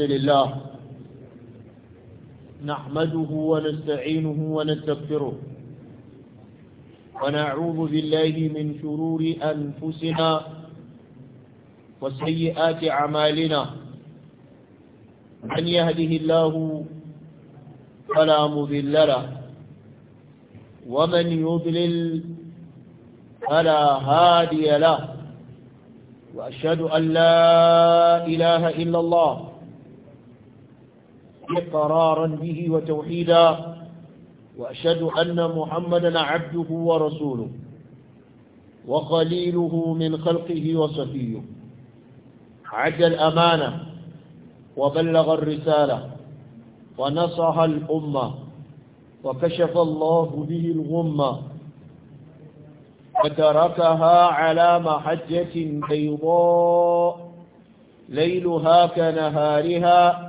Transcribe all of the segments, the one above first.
الحمد لله نحمده ونستعينه ونستغفره ونعوذ بالله من شرور أنفسنا وسيئات أعمالنا من يهده الله فلا مذل له ومن يضلل فلا هادي له وأشهد أن لا إله إلا الله إقرارا به وتوحيدا وأشهد أن محمدا عبده ورسوله وقليله من خلقه وصفيه عد الأمانة وبلغ الرسالة ونصح الأمة وكشف الله به الغمة وتركها على محجة بيضاء ليلها كنهارها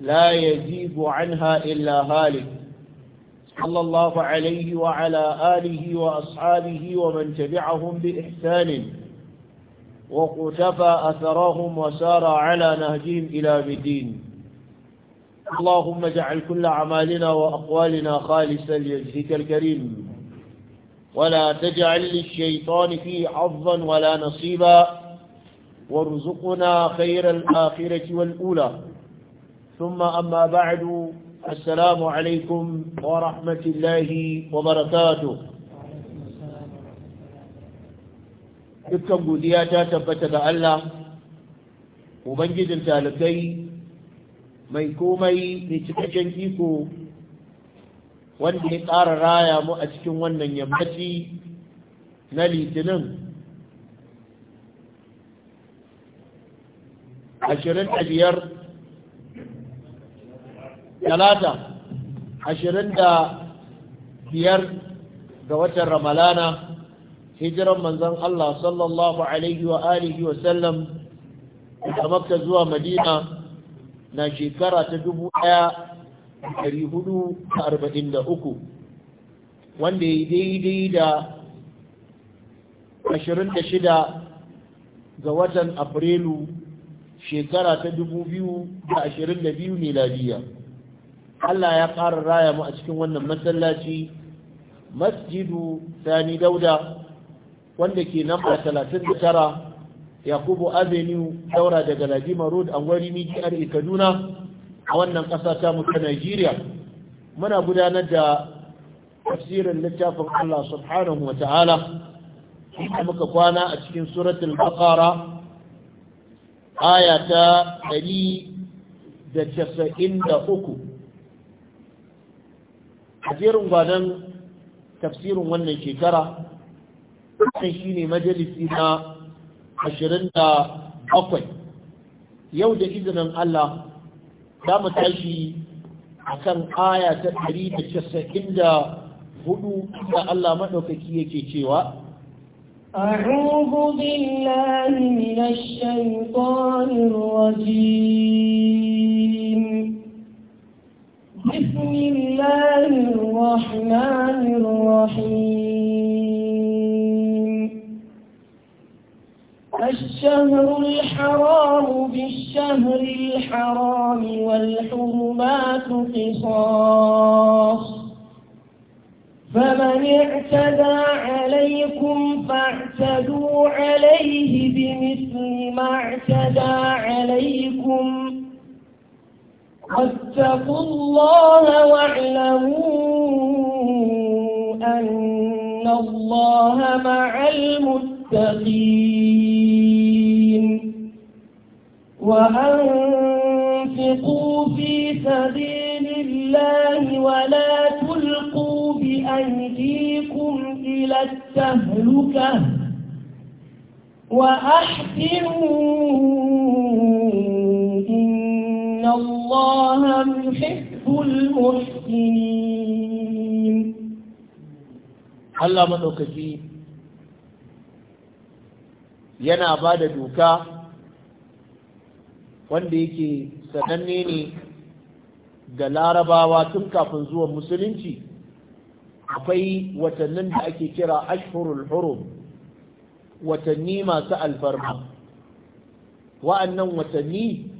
لا يجيب عنها إلا هالك صلى الله عليه وعلى آله وأصحابه ومن تبعهم بإحسان وقتفى أثرهم وسار على نهجهم إلى بدين اللهم اجعل كل أعمالنا وأقوالنا خالصا لوجهك الكريم ولا تجعل للشيطان فيه حظا ولا نصيبا وارزقنا خير الآخرة والأولى ثم أما بعد السلام عليكم ورحمة الله وبركاته dukkan godiya ta tabbata ga Allah ubangijin talibai mai komai mai cikakken iko wanda ya ƙara raya mu a cikin wannan yammaci na litinin 25 talata ashirin da biyar ga watan ramalana hijiran manzon Allah sallallahu alaihi wa alihi wa sallam da makka zuwa madina na shekara ta dubu ɗaya ɗari hudu da arba'in da uku wanda ya daidai da ashirin da shida ga watan afrilu shekara ta dubu biyu da ashirin da biyu miladiya Allah ya ƙara raya mu a cikin wannan masallaci masjidu sani dauda wanda ke namba 39 yakubu avenue daura daga ladima road a gwari mijiyar e, kaduna a wannan ƙasa ta mu ta nigeria muna gudanar da tafsirin littafin allah subhanahu wa ta'ala inda muka kwana a cikin suratul baqara aya ta 193 a jerin gwanon tafsirin wannan shekara shine shi ne majalisi na 27 yau da izinin Allah za mu tashi a kan aya ta 194 da Allah maɗaukaki yake cewa أعوذ بالله من الشيطان الرجيم بسم الله الرحمن الرحيم الشهر الحرام بالشهر الحرام والحرمات قصاص فمن اعتدى عليكم فاعتدوا عليه بمثل ما اعتدى عليكم فاتقوا الله واعلموا أن الله مع المتقين وأنفقوا في سبيل الله ولا تلقوا بأيديكم إلى التهلكة وأحسنوا إن الله يحب المحسنين yana ba da doka wanda yake sananne ne ga larabawa tun kafin zuwan musulunci akwai watannin da ake kira ashhurul hurum watanni masu alfarma wa'annan watanni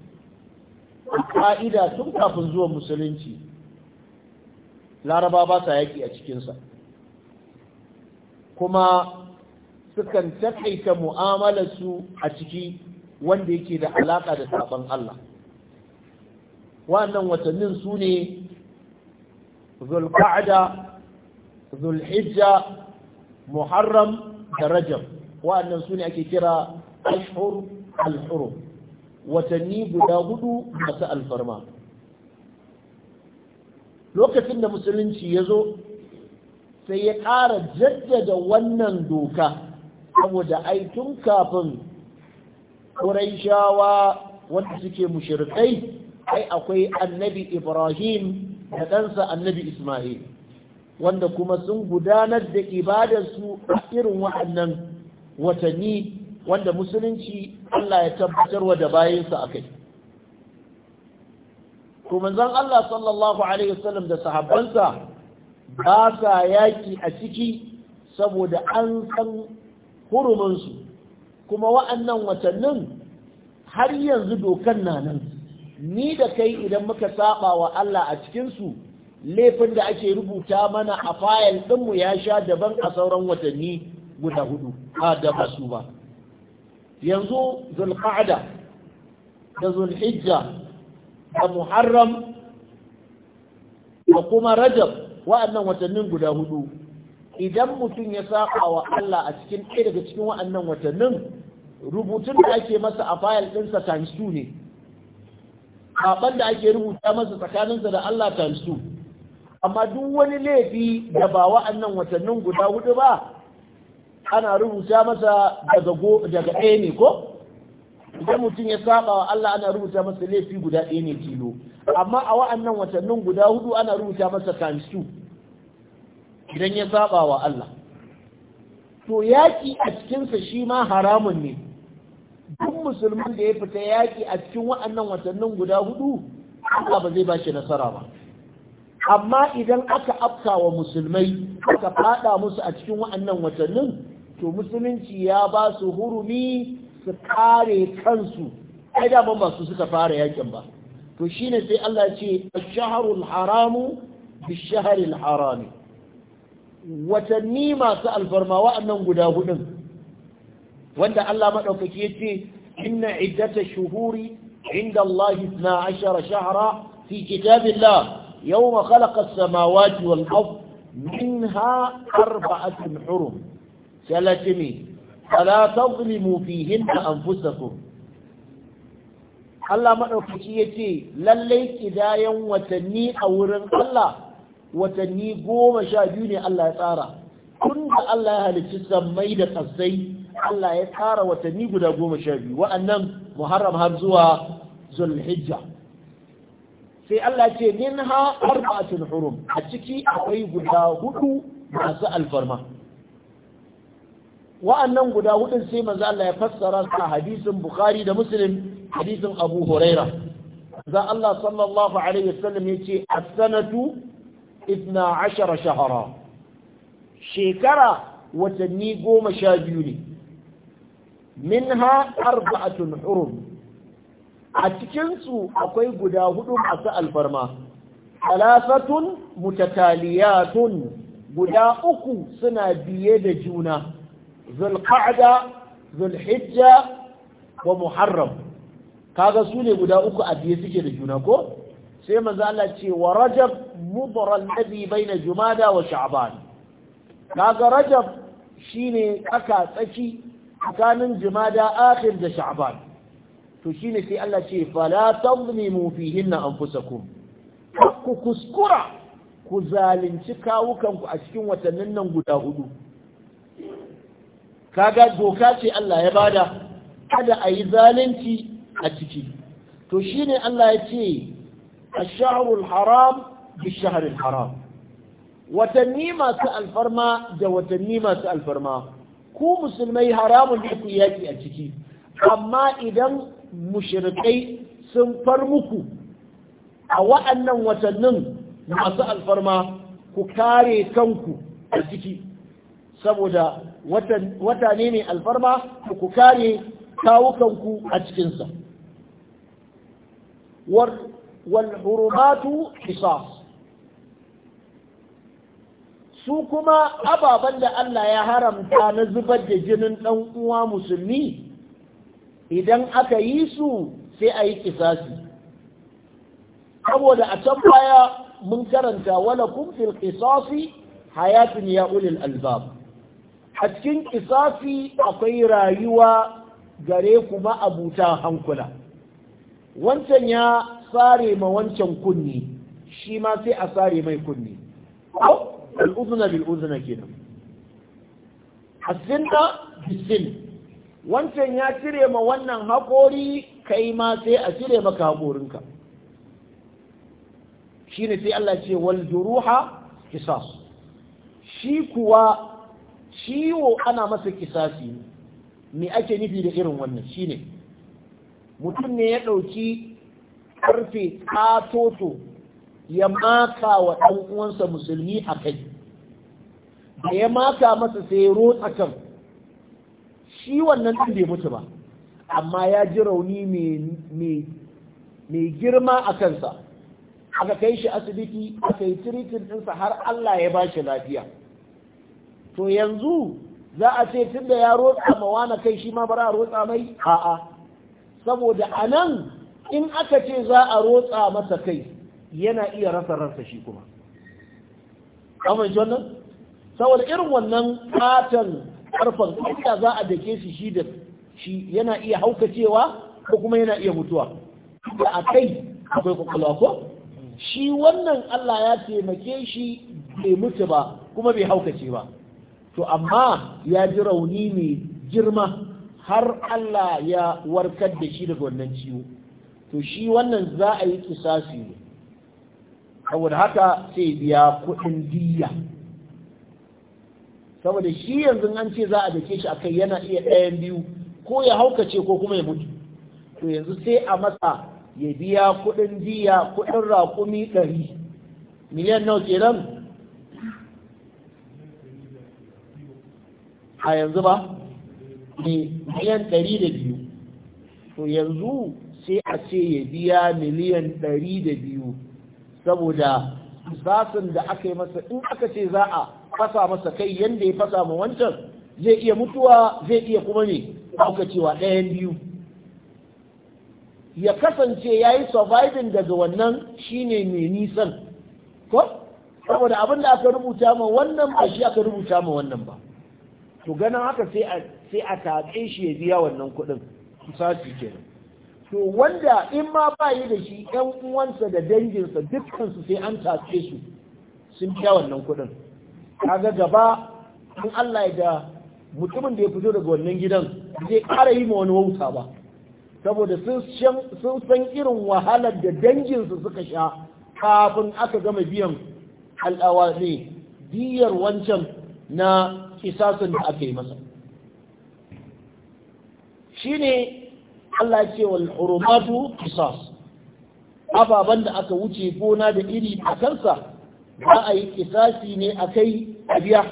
Ka'ida tun kafin zuwan musulunci laraba ba sa yaƙi a cikinsa kuma sukan taƙaita mu'amalarsu a ciki wanda yake da alaƙa da sabon Allah wannan watannin su ne zulka'ada zulhijja muharram da rajab wa'annan su ne ake kira ashur al-hurum watanni guda hudu masu alfarma lokacin da musulunci ya zo sai ya ƙara jaddada wannan doka saboda ai tun kafin ƙuraishawa wanda suke mushirikai ai akwai annabi ibrahim da ɗansa annabi ismail wanda kuma sun gudanar da ibadarsu a irin waɗannan watanni wanda musulunci Allah ya tabbatarwa da bayinsa a kai to manzon Allah sallallahu alaihi wasallam da sahabbansa ba sa yaki a ciki saboda an san huruminsu kuma wa'annan watannin har yanzu dokan na nan ni da kai idan muka saba wa Allah a cikinsu laifin da ake rubuta mana a fayil ɗinmu ya sha daban a sauran watanni guda hudu a da ba su ba yanzu zulqa'da da zulhijja da muharram da kuma rajab wa'annan watannin guda hudu idan mutum ya saka wa Allah a cikin ɗaya daga cikin wa'annan watannin rubutun da ake masa a fayil ɗinsa times ne saban da ake rubuta masa tsakaninsa da Allah times amma duk wani laifi da ba wa'annan watannin guda hudu ba ana rubuta masa daga daga ɗaya ne ko idan mutum ya saba wa Allah ana rubuta masa laifi guda ɗaya ne tilo. amma a wa'annan watannin guda hudu ana rubuta masa times two idan ya saba wa Allah to yaƙi a cikinsa shi ma haramun ne duk musulman da ya fita yaƙi a cikin wa'annan watannin guda hudu Allah ba zai ba shi nasara ba amma idan aka afka wa musulmai aka fada musu a cikin wa'annan watannin to musulunci ya ba su hurumi su kare kansu ai da ban ba su suka fara yakin ba to shine sai Allah ce ash-shahrul haramu bish-shahril harami watanni masu alfarma wa'annan guda hudun wanda Allah madaukaki yace inna iddata shuhuri inda Allah 12 shahra fi kitabillah yawma khalaqa as-samawati wal-ard minha arba'atun hurum sai Allah ce me ala tazlimu fihinna anfusakum Allah madaukaki yace lalle kidayan watanni a wurin Allah watanni goma sha biyu ne Allah ya tsara tun da Allah ya halicci sammai da kasai Allah ya tsara watanni guda goma sha biyu wa'annan Muharram har zuwa Zulhijja sai Allah ce minha arba'atul hurum a ciki akwai guda hudu masu alfarma wa'annan guda hudun sai manzo Allah ya fassara su a hadisin Bukhari da Muslim hadisin Abu Huraira za Allah sallallahu alaihi wasallam yace as-sanatu 12 shahara shekara watanni goma sha biyu ne minha arba'atun hurum a cikinsu akwai guda hudu masu alfarma talafatun mutataliyatun guda uku suna biye da juna zulqa'da zulhijja wa muharram kaga su ne guda uku a biye suke da juna ko sai manzo Allah ce wa rajab mudra alladhi baina jumada wa sha'ban kaga rajab shine aka tsaki tsakanin jumada akhir da sha'ban to shine sai Allah ce fala tadlimu fihinna anfusakum ku kuskura ku zalunci kawukanku a cikin watannin nan guda hudu kaga doka ce Allah ya bada kada a yi zalunci a ciki to shine Allah ya ce a shahrul haram bish-shahril haram watanni masu alfarma da watanni masu alfarma ku musulmai haramun ne ku yaki a ciki amma idan mushrikai sun far muku a wa'annan watannin masu alfarma ku kare kanku a ciki saboda wata ne mai alfarma ku kare kawukanku a cikinsa walhurumatu qisas su kuma ababen da Allah ya haramta na zubar da jinin ɗan uwa musulmi idan aka yi su sai a yi kisasi saboda a can baya mun karanta wala kun kisasi, hayatun ya ulil albab a cikin kisafi akwai rayuwa gare kuma abuta hankula wancan ya sare ma wancan kunni shi ma sai a sare mai kunni al'uzuna bil'uzuna kenan hasinta bisin wancan ya cire ma wannan haƙori kai ma sai a cire maka haƙorinka shi ne sai Allah ce wal duruha kisas shi kuwa ciwo ana masa kisasi me ake nufi da irin wannan shine mutum ne ya ɗauki ƙarfe ƙatoto ya maka wa ɗan uwansa musulmi a kai da ya maka masa sai rotsa kan shi wannan ɗin bai mutu ba amma ya ji rauni mai girma a kansa aka kai shi asibiti aka yi tiritin ɗinsa har Allah ya ba shi lafiya to yanzu za a ce tun da ya rotsa ma na kai shi ma bara a rotsa mai a'a saboda a nan in aka ce za a rotsa masa kai yana iya rasa rasa shi kuma amma shi wannan saboda irin wannan katon karfan inda za a dake shi shi da shi yana iya haukacewa ko kuma yana iya mutuwa da a kai akwai kwakwalwa ko shi wannan Allah ya taimake shi bai mutu ba kuma bai haukace ba to amma ya ji rauni mai girma har Allah ya warkar da shi daga wannan ciwo to shi wannan za a yi kisasi ne saboda haka sai biya kuɗin diya saboda shi yanzu an ce za a dake shi akai yana iya ɗayan biyu ko ya haukace ko kuma ya mutu to yanzu sai a masa ya biya kuɗin diya kuɗin raƙumi ɗari miliyan nawa kenan a yanzu ba miliyan ɗari da biyu to yanzu sai a ce ya biya miliyan ɗari da biyu saboda zasun da aka yi masa in aka ce za a fasa masa kai yadda ya fasa ma wancan zai iya mutuwa zai iya kuma ne cewa ɗayan biyu ya kasance ya yi surviving daga wannan shine mai nisan ko saboda abin da aka rubuta ma wannan ba shi aka rubuta ma wannan ba to ganin haka sai a tatse shi ya biya wannan kuɗin sati kenan to wanda in ma ba yi da shi ƴan uwansa da danginsa dukkansu sai an tatse su sun biya wannan kuɗin kaga gaba in Allah ya da mutumin da ya fito daga wannan gidan zai ƙara yi ma wani wauta ba saboda sun san irin wahalar da danginsu suka sha kafin aka gama biyan al'awa ne biyar wancan na kisasun da aka yi masa Shi ne Allah ya ce wal hurumatu kisas. ababan da aka wuce gona da iri a kansa za a yi kisasi ne akai a biya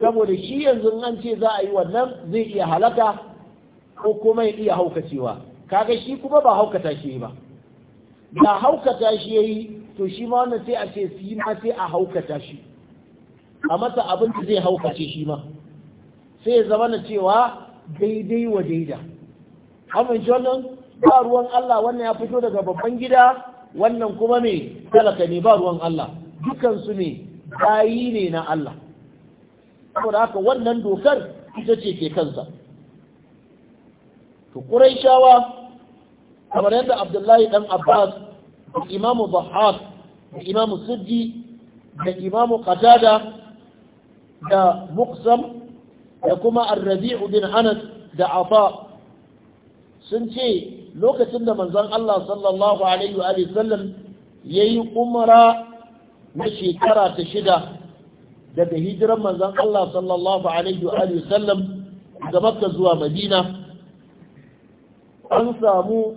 saboda shi yanzu an ce za a yi wannan zai iya halaka ko kuma ya iya haukacewa kaga shi kuma ba haukata shi ba da haukata shi yayi to shi ma wannan sai a ce shi ma sai a haukata shi a masa abin da zai haukace shi ma sai ya zama na cewa daidai wa daida amince wannan ba ruwan Allah wannan ya fito daga babban gida wannan kuma me talaka ne ba ruwan Allah dukansu ne bayi ne na Allah saboda haka wannan dokar ita ce ke kansa to shawa kamar yadda Abdullahi dan Abbas da Imam Bahar da Imam Siddi da imamu Qatada da muqsam da kuma arrabi'u rabiu bin anas da afa sun ce lokacin da manzon Allah sallallahu alaihi wa sallam yayi umra na shekara ta shida daga hijiran manzon Allah sallallahu alaihi wa sallam daga Makka zuwa Madina an samu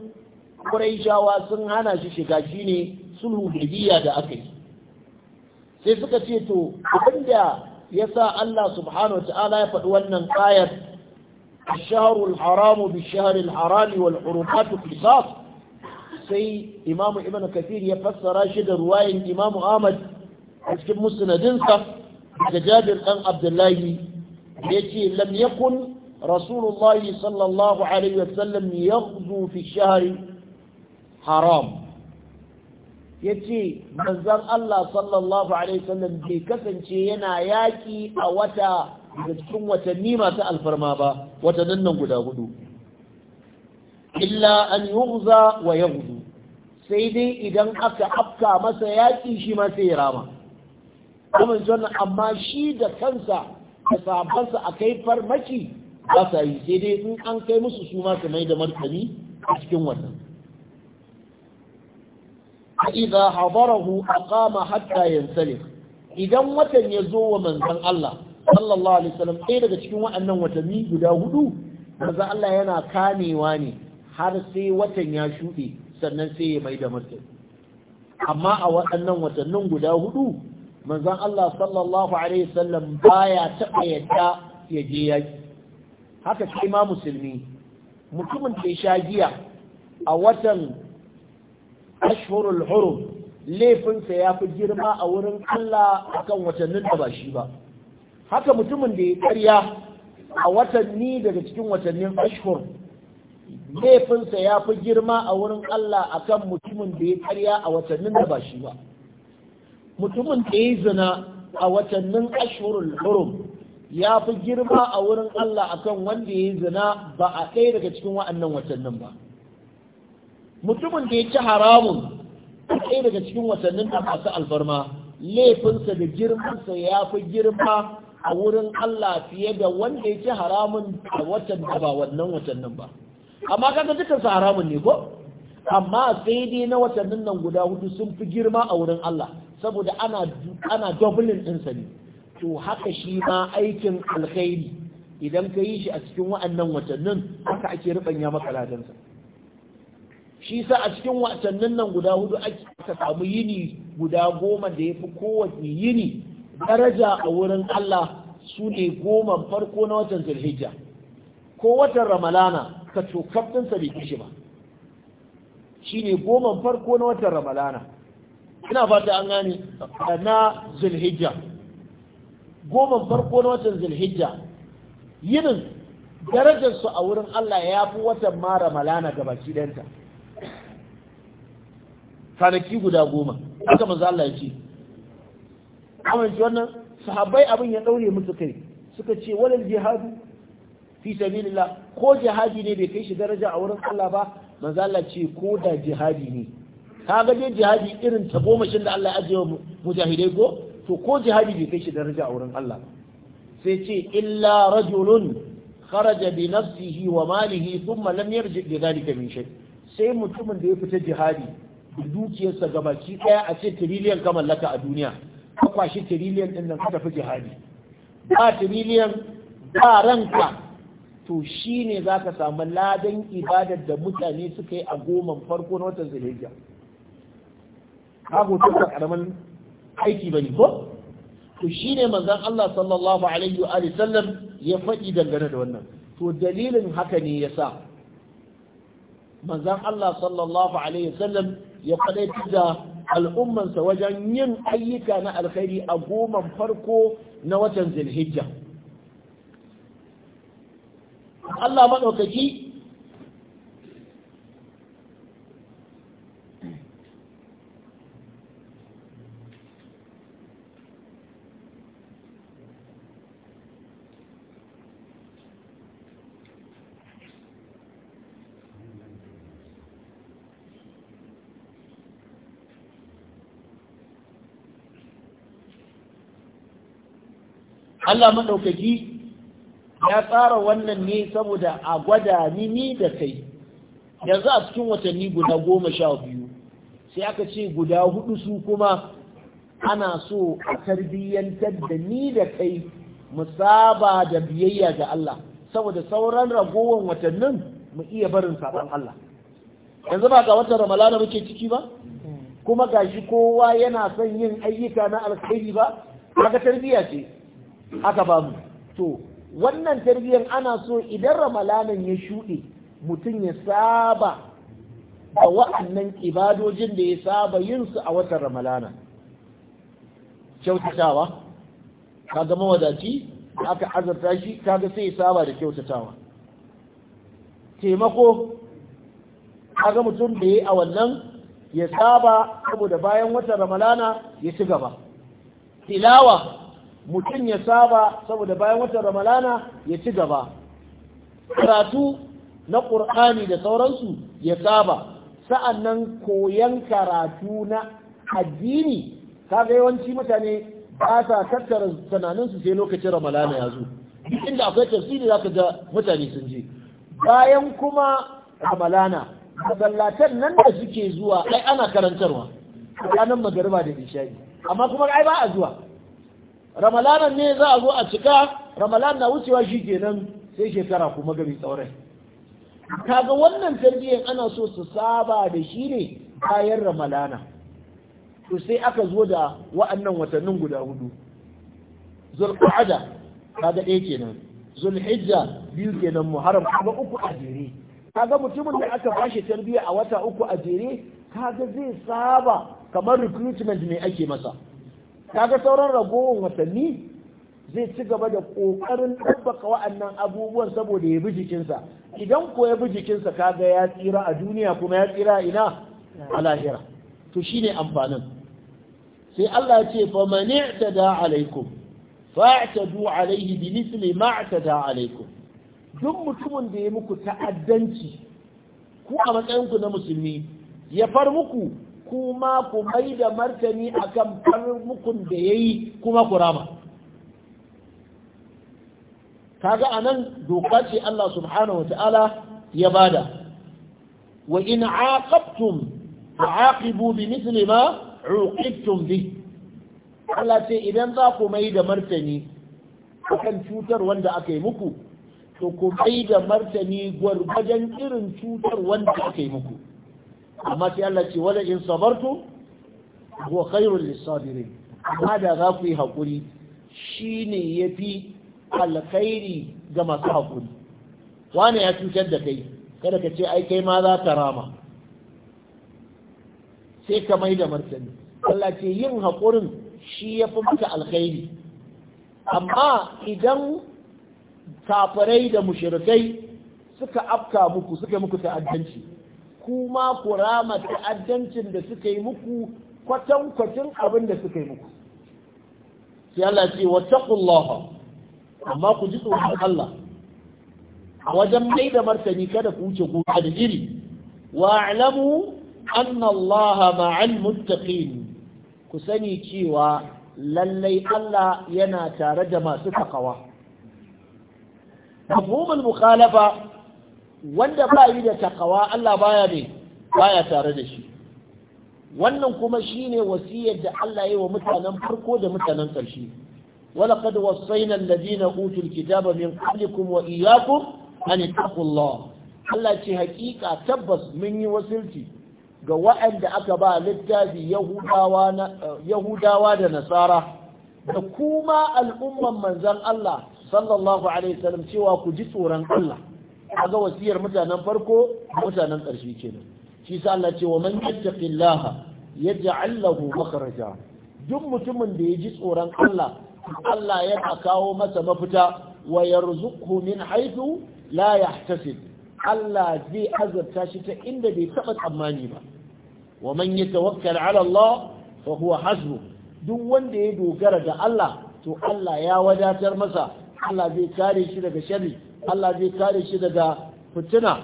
Qurayshawa sun hana shi shiga shine sulhu da aka yi sai suka ce to abinda yasa Allah subhanahu wataala ya faɗi wannan haramu الشهر الحرام بالشهر wal والحرمات قصاص sai imamu ibnu kathir ya fassara shi da ruwayin imamu ahmad a cikin musnadinsa daga jabir dan abdullahi ya ce lam yakun rasulullahi sallallahu alaihi wasallam yaghzu fi shahri haram ya ce manzan Allah sallallahu Alaihi wasallam bai kasance yana yaƙi a wata daga cikin watanni masu alfarma ba watannin nan guda hudu illa an yughza wa yaghzu sai dai idan aka afka masa yaƙi shi ma sai ya rama kuma sannan amma shi da kansa da sabansa a kai farmaki ba sa yi sai dai in an kai musu su ma su mai da martani a cikin wannan idza hadarahu aqama hatta yansalif idan watan ya zo wa manzon Allah sallallahu alaihi wasallam ɗaya daga cikin waɗannan watanni guda hudu manzon Allah yana kamewa ne har sai watan ya shuɗe sannan sai ya mai da martani amma a waɗannan watannin guda hudu manzon Allah sallallahu alaihi wasallam baya taɓa yadda ya je yaki haka kai ma musulmi mutumin da ya sha giya a watan al hurum laifinsa ya fi girma a wurin Allah akan watannin da ba shi ba haka mutumin da ya karya a watanni daga cikin watannin ashhur laifinsa ya fi girma a wurin Allah akan mutumin da ya karya a watannin da ba shi ba mutumin da ya zina a watannin al hurum ya fi girma a wurin Allah akan wanda ya zina ba a ɗaya daga cikin wa'annan watannin ba mutumin da ya ci haramun ɗaya daga cikin watannin da masu alfarma laifinsa da girmansa ya fi girma a wurin Allah fiye da wanda ya ci haramun a watan da ba wannan watannin ba amma kaga dukansa haramun ne ko amma sai dai na watannin nan guda hudu sun fi girma a wurin Allah saboda ana ana doubling ɗinsa ne to haka shi ma aikin alkhairi idan ka yi shi a cikin wa'annan watannin haka ake rubanya maka ladansa shi sa a cikin wasannin nan guda hudu ka samu yini guda goma da ya fi kowace yini daraja a wurin Allah su ne goma farko na watan zulhijja ko watan ramalana ka cokaf ɗinsa bai kishi ba shi ne goma farko na watan ramalana ina fata an gane na zulhijja goma farko na watan zulhijja yinin darajarsu a wurin Allah ya fi watan ma ramalana gabaki ɗanta kwanaki guda goma haka manzo Allah ya ce amma shi wannan sahabbai abin ya daure musu kai suka ce walal jihadu fi sabilillah ko jihadi ne bai kai shi daraja a wurin Allah ba manzo Allah ce ko da jihadi ne ga dai jihadi irin ta goma shin da Allah ya ajiye wa mujahidai ko to ko jihadi bai kai shi daraja a wurin Allah sai ce illa rajulun kharaja bi nafsihi wa malihi thumma lam yarji bi dhalika min shay sai mutumin da ya fita jihadi da dukiyarsa gabaki ɗaya a ce tiriliyan ka mallaka a duniya ka kwashi tiriliyan ɗin nan ka tafi jihadi ba tiriliyan ba ranka to shi ne za ka samu ladan ibadar da mutane suka yi a goman farko na watan zulhijja ka hoto ka karamin aiki bane ko to shi ne manzon Allah sallallahu alaihi wa sallam ya faɗi dangane da wannan to dalilin haka ne yasa manzon Allah sallallahu alaihi wa sallam ya faɗaitar da al'ummansa wajen yin ayyuka na alkhairi a goman farko na watan zilhijja Allah maɗaukaki Allah maɗaukaki ya tsara wannan ne saboda a gwada ni ni da kai yanzu a cikin watanni guda goma sha biyu sai aka ce guda hudu su kuma ana so a tarbiyyantar da ni da kai mu saba da biyayya ga Allah saboda sauran ragowar watannin mu iya barin saban Allah yanzu ba ga watan ramalana muke ciki ba kuma gashi kowa yana son yin ayyuka na alkhairi ba kaga tarbiyya ce aka ba mu to wannan tarbiyyar ana so idan ramalanan ya shuɗe mutum ya saba a wa'annan ibadojin da ya saba yin su a watan ramalana kyautatawa kaga da aka azarta shi kaga sai ya saba da kyautatawa taimako kaga mutum da ya a wannan ya saba saboda bayan watan ramalana ya ci gaba tilawa mutum ya saba saboda bayan watan ramalana ya ci gaba karatu na ƙur'ani da sauransu ya saba nan koyan karatu na addini kaga yawanci mutane ba sa tattara tunaninsu sai lokacin ramalana ya zo inda akwai tafsiri za ka ga mutane sun je bayan kuma ramalana masallatan nan da suke zuwa ai ana karantarwa tsakanin magariba da nishadi amma kuma ai ba a zuwa ramalanan ne za a zo a cika ramalan na wucewa shi kenan sai shekara kuma gari tsaurai kaga wannan tarbiyyar ana so su saba da shi ne bayan ramalana to sai aka zo da wa'annan watannin guda hudu zulqa'ada kaga ɗaya kenan zulhijja biyu kenan muharram kaga uku a jere kaga mutumin da aka bashi tarbiyya a wata uku a jere kaga zai saba kamar recruitment ne ake masa kaga sauran ragowar watanni zai ci gaba da ƙoƙarin ɗabbaka wa'annan abubuwan saboda ya bi jikinsa idan ko ya bi jikinsa kaga ya tsira a duniya kuma ya tsira ina a lahira to shine amfanin sai Allah ya ce fa mani da alaikum fa'tadu alaihi bi misli ma da alaikum duk mutumin da ya muku ta'addanci ku a matsayin ku na musulmi ya far muku kuma ku mai da martani akan farmukun da ya yi kuma ku rama kaga anan doka ce Allah subhanahu wa ta'ala ya bada wa in aqabtum fa'aqibu bi mithli ma uqibtum bi Allah ce idan za ku mai da martani akan cutar wanda aka yi muku to ku mai da martani gwargwajen irin cutar wanda aka yi muku amma sai Allah ce wala in sabartu huwa khairul lisabirin amma da za ku yi hakuri shine yafi alkhairi ga masu hakuri wani ya cutar da kai kada ka ce ai kai ma za ka rama sai ka mai da martani Allah ce yin hakurin shi yafi maka alkhairi amma idan kafirai da mushrikai suka afka muku suka muku ta'addanci kuma ku rama ta'addancin da suka yi muku kwatankwacin abin da suka yi muku sai Allah ce wattaqullaha amma ku ji tsoron Allah a wajen mai da martani kada ku wuce gona da iri wa alamu anna Allah ma'al muttaqin ku sani cewa lallai Allah yana tare da masu takawa mafhumul mukhalafa wanda ba yi da takawa Allah baya ne baya tare da shi wannan kuma shine wasiyar da Allah ya wa mutanen farko da mutanen ƙarshe ولقد وصينا الذين اوتوا الكتاب من قبلكم wa ان اتقوا الله Allah ce hakika tabbas mun yi wasilci ga waɗanda aka ba littafi Yahudawa da Nasara da kuma al'umman manzan Allah sallallahu Alaihi wasallam cewa ku ji tsoron Allah. ga wasiyar mutanen farko mutanen ƙarshe kenan shi sa Allah ce wa man yattaqillaha yaj'al lahu makhraja duk mutumin da ya ji tsoron Allah Allah yana kawo masa mafita wa yarzuqhu min haythu la yahtasib Allah zai azurta shi ta inda bai taɓa tsammani ba wa man yatawakkal ala Allah fa huwa hasbu duk wanda ya dogara ga Allah to Allah ya wadatar masa Allah zai kare shi daga sharri Allah zai kare shi daga fitina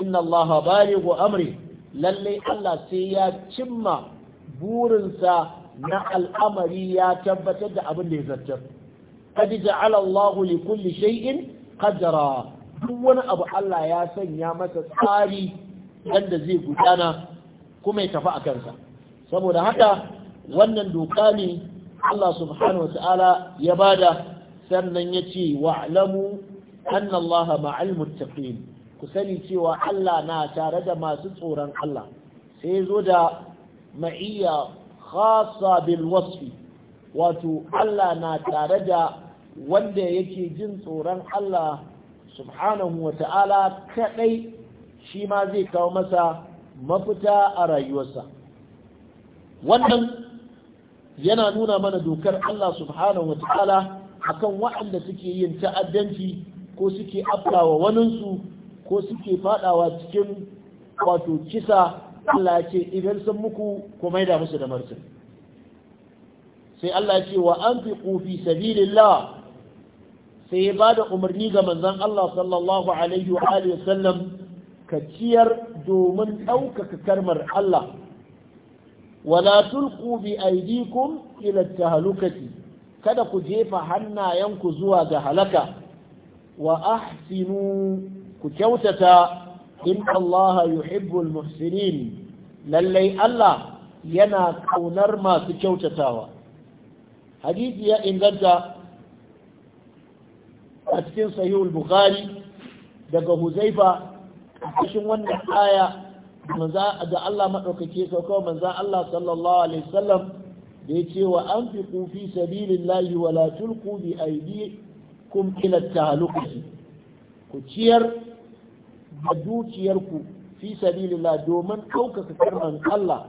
inna Allah wa amri lalle Allah sai ya cimma burinsa na al'amari ya tabbatar da abin da ya zartar qad ja'ala Allah li kulli shay'in qadra duk wani abu Allah ya sanya masa tsari yadda zai gudana kuma ya tafi a kansa saboda haka wannan doka ne Allah subhanahu wa ta'ala ya bada sannan ya ce wa'lamu anna allaha ma'al muttaqin ku sani cewa Allah na tare da masu tsoron Allah sai zo da ma'iyya khassa bil wasfi wato Allah na tare da wanda yake jin tsoron Allah subhanahu wa ta'ala kadai shi ma zai kawo masa mafita a rayuwarsa wannan yana nuna mana dokar Allah subhanahu wa ta'ala akan waɗanda suke yin ta'addanci ko suke afkawa waninsu ko suke fadawa cikin wato kisa Allah ya ce idan sun muku ku maida musu da martin sai Allah ya ce wa anfiqu fi sabilillah sai ya bada umarni ga manzon Allah sallallahu alaihi wa alihi wasallam ka ciyar domin ɗaukaka karmar Allah wala tulqu bi aydikum ila tahlukati kada ku jefa hannayenku zuwa ga halaka wa ahsinu ku kyautata in Allah yuhibbul muhsinin lallai Allah yana kaunar masu kyautatawa hadisi ya inganta a cikin sahihul bukhari daga huzaifa cikin wannan aya manza da Allah madaukake sauka manza Allah sallallahu alaihi wasallam da ya ce wa anfiqu fi sabilillahi wa la tulqu bi kum ila tahalukati ku ciyar da dukiyarku fi sabilillah domin ɗaukaka karman Allah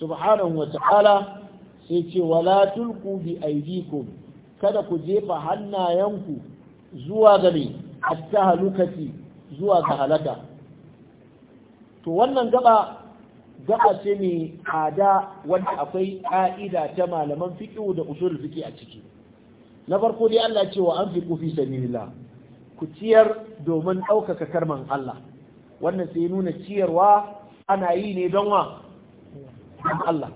subhanahu wa ta'ala sai ce wala tulku bi aidikum kada ku jefa hannayenku zuwa ga me at-tahalukati zuwa ga halaka to wannan gaba gaba ce ne ada wanda akwai ka'ida ta malaman fiqh da usul fiqh a ciki na farko dai Allah ce wa anfiqu fi sabilillah ku ciyar domin ɗaukaka karman Allah wannan sai nuna ciyarwa ana yi ne don wa Allah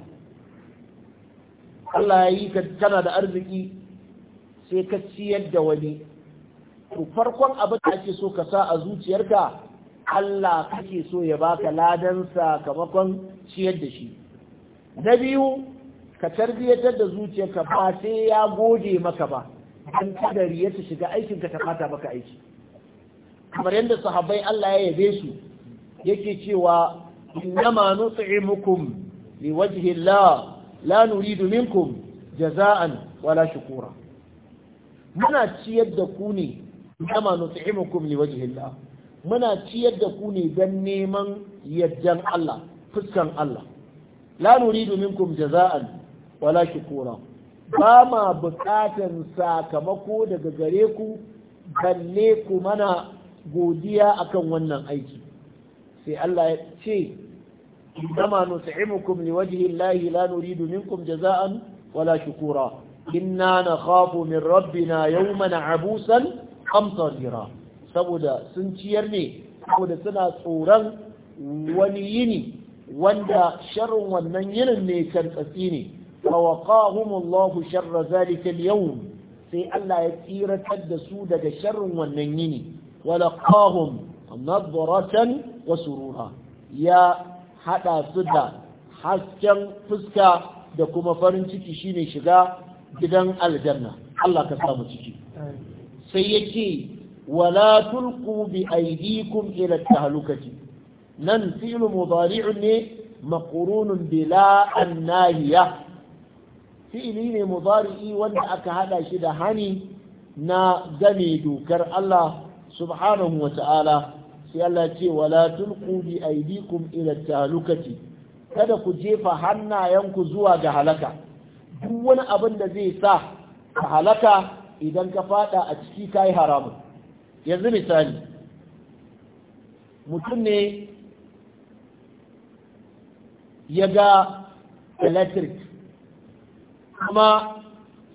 Allah ya yi kana da arziki sai ka ciyar da wani to farkon abin da ake so ka sa a zuciyarka Allah kake so ya baka ladan sakamakon ciyar da shi na biyu ka tarbiyyatar da zuciyarka ba sai ya gode maka ba dan kadari ya shiga aikin ka ta fata maka aiki kamar yadda sahabbai Allah ya yabe su yake cewa innama nut'imukum wajhi Allah la nuridu minkum jaza'an wala shukura muna ciyar da ku ne innama nut'imukum wajhi Allah muna ciyar da ku ne dan neman yaddan Allah fuskan Allah la nuridu minkum jaza'an wala shukura ba ma bukatan sakamako daga gare ku balle ku mana godiya akan wannan aiki sai Allah ya ce kama nut'imukum liwajhi Allahi la nuridu minkum jaza'an wala shukura inna nakhafu min rabbina yawman abusan qamtarira saboda sun ciyar ne saboda suna tsoron wani yini wanda sharrin wannan yinin ne kan tsatsi ne فوقاهم الله شر ذلك sai Allah ya tsiratar da su daga sharrin wannan yini walaqahum nadratan wa surura ya hada su da hasken fuska da kuma farin ciki shine shiga gidan aljanna Allah ka samu ciki sai yake wala tulqu bi aydikum ila tahlukati nan filin mudari'un ne maqrunun bila annahiya fi'ili ne mubari'i wanda aka hada shi da hani na game dokar Allah subhanahu wa ta'ala sai Allah ce wala tulqu bi aydikum ila talukati kada ku jefa hannayenku zuwa ga halaka duk wani abin da zai sa ka halaka idan ka fada a ciki kai haramun yanzu misali mutum ne ya ga electric kuma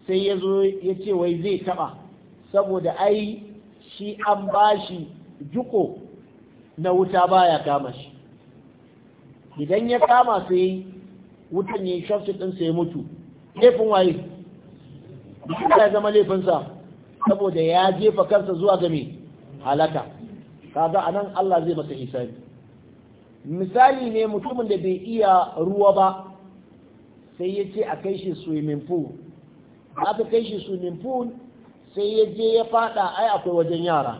sai ya zo ya ce wai zai taɓa saboda ai shi an ba shi juko na wuta baya kama shi idan ya kama sai wutan ya shafi ɗin sai mutu laifin waye ya zama laifinsa saboda ya jefa kansa zuwa ga mai halaka kaga anan Allah zai masa hisabi misali ne mutumin da bai iya ruwa ba sai ya ce a kai shi swimming pool aka kai shi swimming pool sai ya je ya fada ai akwai wajen yara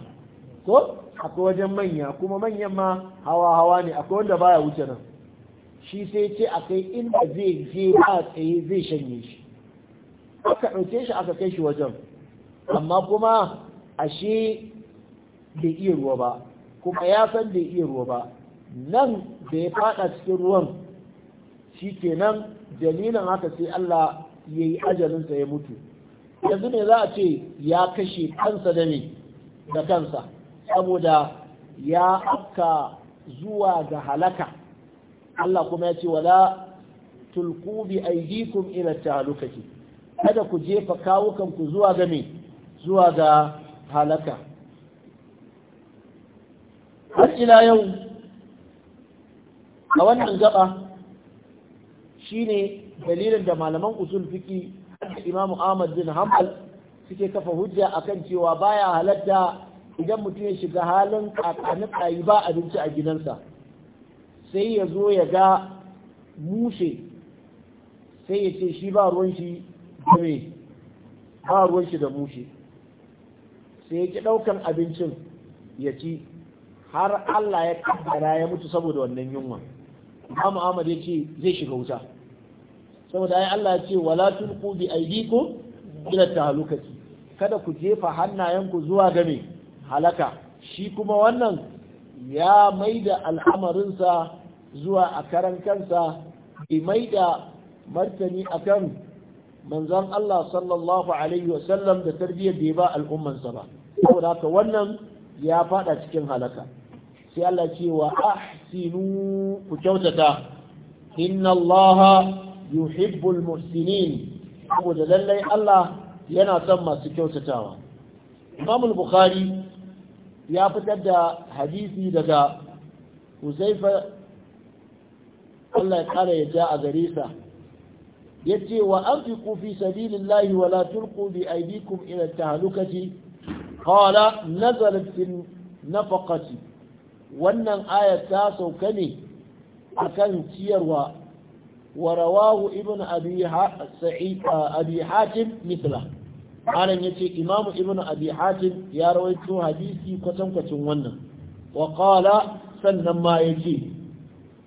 ko akwai wajen manya kuma manyan ma hawa-hawa ne akwai wanda baya wuce nan shi sai ce a kai inda zai je ba tsaye zai shanye shi aka ɗauke shi aka kai shi wajen amma kuma ashe bai iya ruwa ba kuma ya san bai iya ruwa ba nan da ya fada cikin ruwan shi kenan dalilin haka sai Allah ya yi ajalinsa ya mutu yanzu ne za a ce ya kashe kansa da ne da kansa saboda ya afka zuwa ga halaka Allah kuma ya ce wala tulku bi aidikum ila tahlukati kada ku jefa kawukan ku zuwa ga me zuwa ga halaka har ila yau a wannan gaba Shi ne dalilin da malaman usul fiqi da Imam Ahmad bin Hanbal suke kafa hujja a kan cewa baya halatta idan mutum ya shiga halin kakani kayi ba abinci a gidansa sai ya zo ya ga mushe sai ya ce shi ba ruwan shi da ba ruwan shi da mushe sai ya ki daukan abincin ya ci har Allah ya kaddara ya mutu saboda wannan yunwa Imam Ahmad ya ce zai shiga wuta saboda ai Allah ya ce wala tulqu bi aydikum ila tahlukati kada ku jefa hannayenku zuwa ga me halaka shi kuma wannan ya maida al'amarinsa zuwa a karan kansa bai maida martani akan manzon Allah sallallahu alaihi wasallam da tarbiyyar da ya ba al'ummansa ba saboda haka wannan ya fada cikin halaka sai Allah ce wa ahsinu ku kyautata inna Allah yuhibbul muhsinin saboda lallai Allah yana son masu kyautatawa Imam Bukhari ya fitar da hadisi daga Huzaifa Allah ya kara ya ja a gare sa yace wa anfiqu fi sabilillahi wa la tulqu bi aydikum ila tahlukati qala nazalat nafaqati wannan aya ta sauka ne akan ciyarwa ورواه ابن أبي سعيد أبي حاتم مثله قال يتي إمام ابن أبي حاتم يا رويت حديثي كتم كتم ون وقال سنما يجي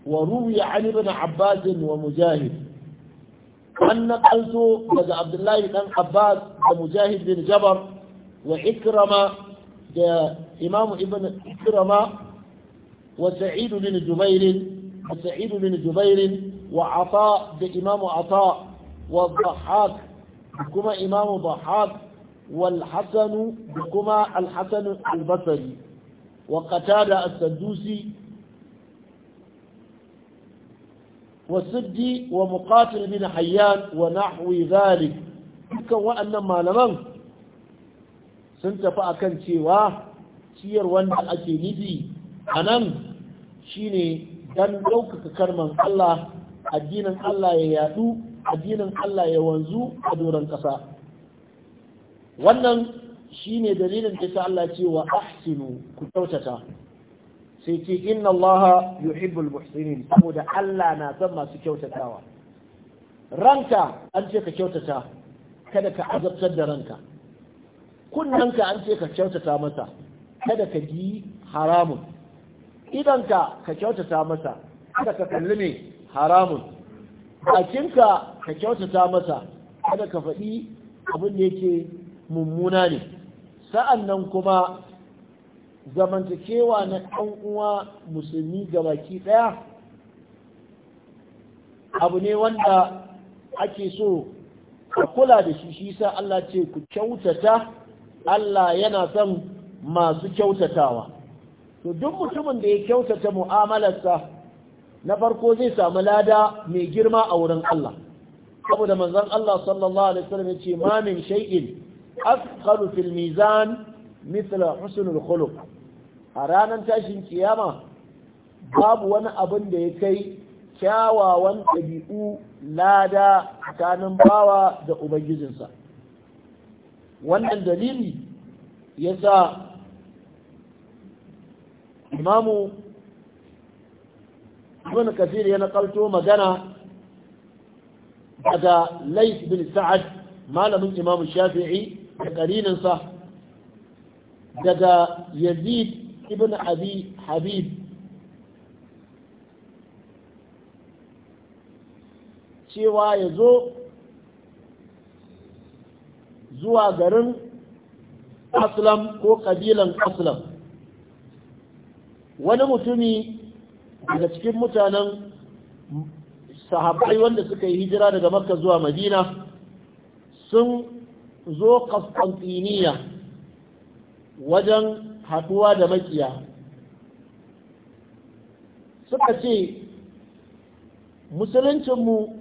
وروي عن ابن عباس ومجاهد أن نقلت لدى عبد الله بن عباس ومجاهد بن جبر وإكرم إمام ابن إكرم وسعيد بن جبير سعيد بن جبير وعطاء بإمام عطاء والضحاك بكما إمام ضحاك والحسن بكما الحسن البصري وقتادة السدوسي وسدي ومقاتل بن حيان ونحو ذلك dukkan waɗannan malaman sun tafi akan cewa ciyar wanda ake nufi a nan shine don ɗaukaka karman Allah addinin Allah ya yadu addinin Allah ya wanzu a doron ƙasa wannan shine dalilin da Allah ce wa ahsinu ku kyautata sai ce inna Allah yuhibbul muhsinin saboda Allah na son masu kyautatawa ranka an ce ka kyautata kada ka azabtar da ranka kunnanka an ce ka kyautata masa kada ka ji haramun idanka ka kyautata masa kada ka kalli ne haramun bakinka ka kyautata masa kada ka faɗi abin da yake mummuna ne sa'annan kuma zamantakewa na ɗan uwa musulmi ga baki ɗaya abu ne wanda ake so a kula da shi shi sa Allah ce ku kyautata Allah yana son masu kyautatawa to duk mutumin da ya kyautata mu'amalarsa na farko zai samu lada mai girma a wurin Allah saboda manzon Allah sallallahu alaihi wasallam ya ce ma min shay'in afqalu fil mizan mithla husnul khuluq a ranar tashin kiyama babu wani abin da ya kai kyawawan ɗabi'u lada tsakanin bawa da ubangijinsa wannan dalili ya sa imamu ibn kafir ya nakalto magana daga lais bin sa'ad malamin imamu shafi'i da karininsa daga yazid ibn abi habib cewa ya zo zuwa garin aslam ko kabilan aslam wani mutumi daga cikin mutanen sahabai wanda suka yi hijira daga makka zuwa madina sun zo kastantiniya wajen haduwa da makiya suka ce musuluncinmu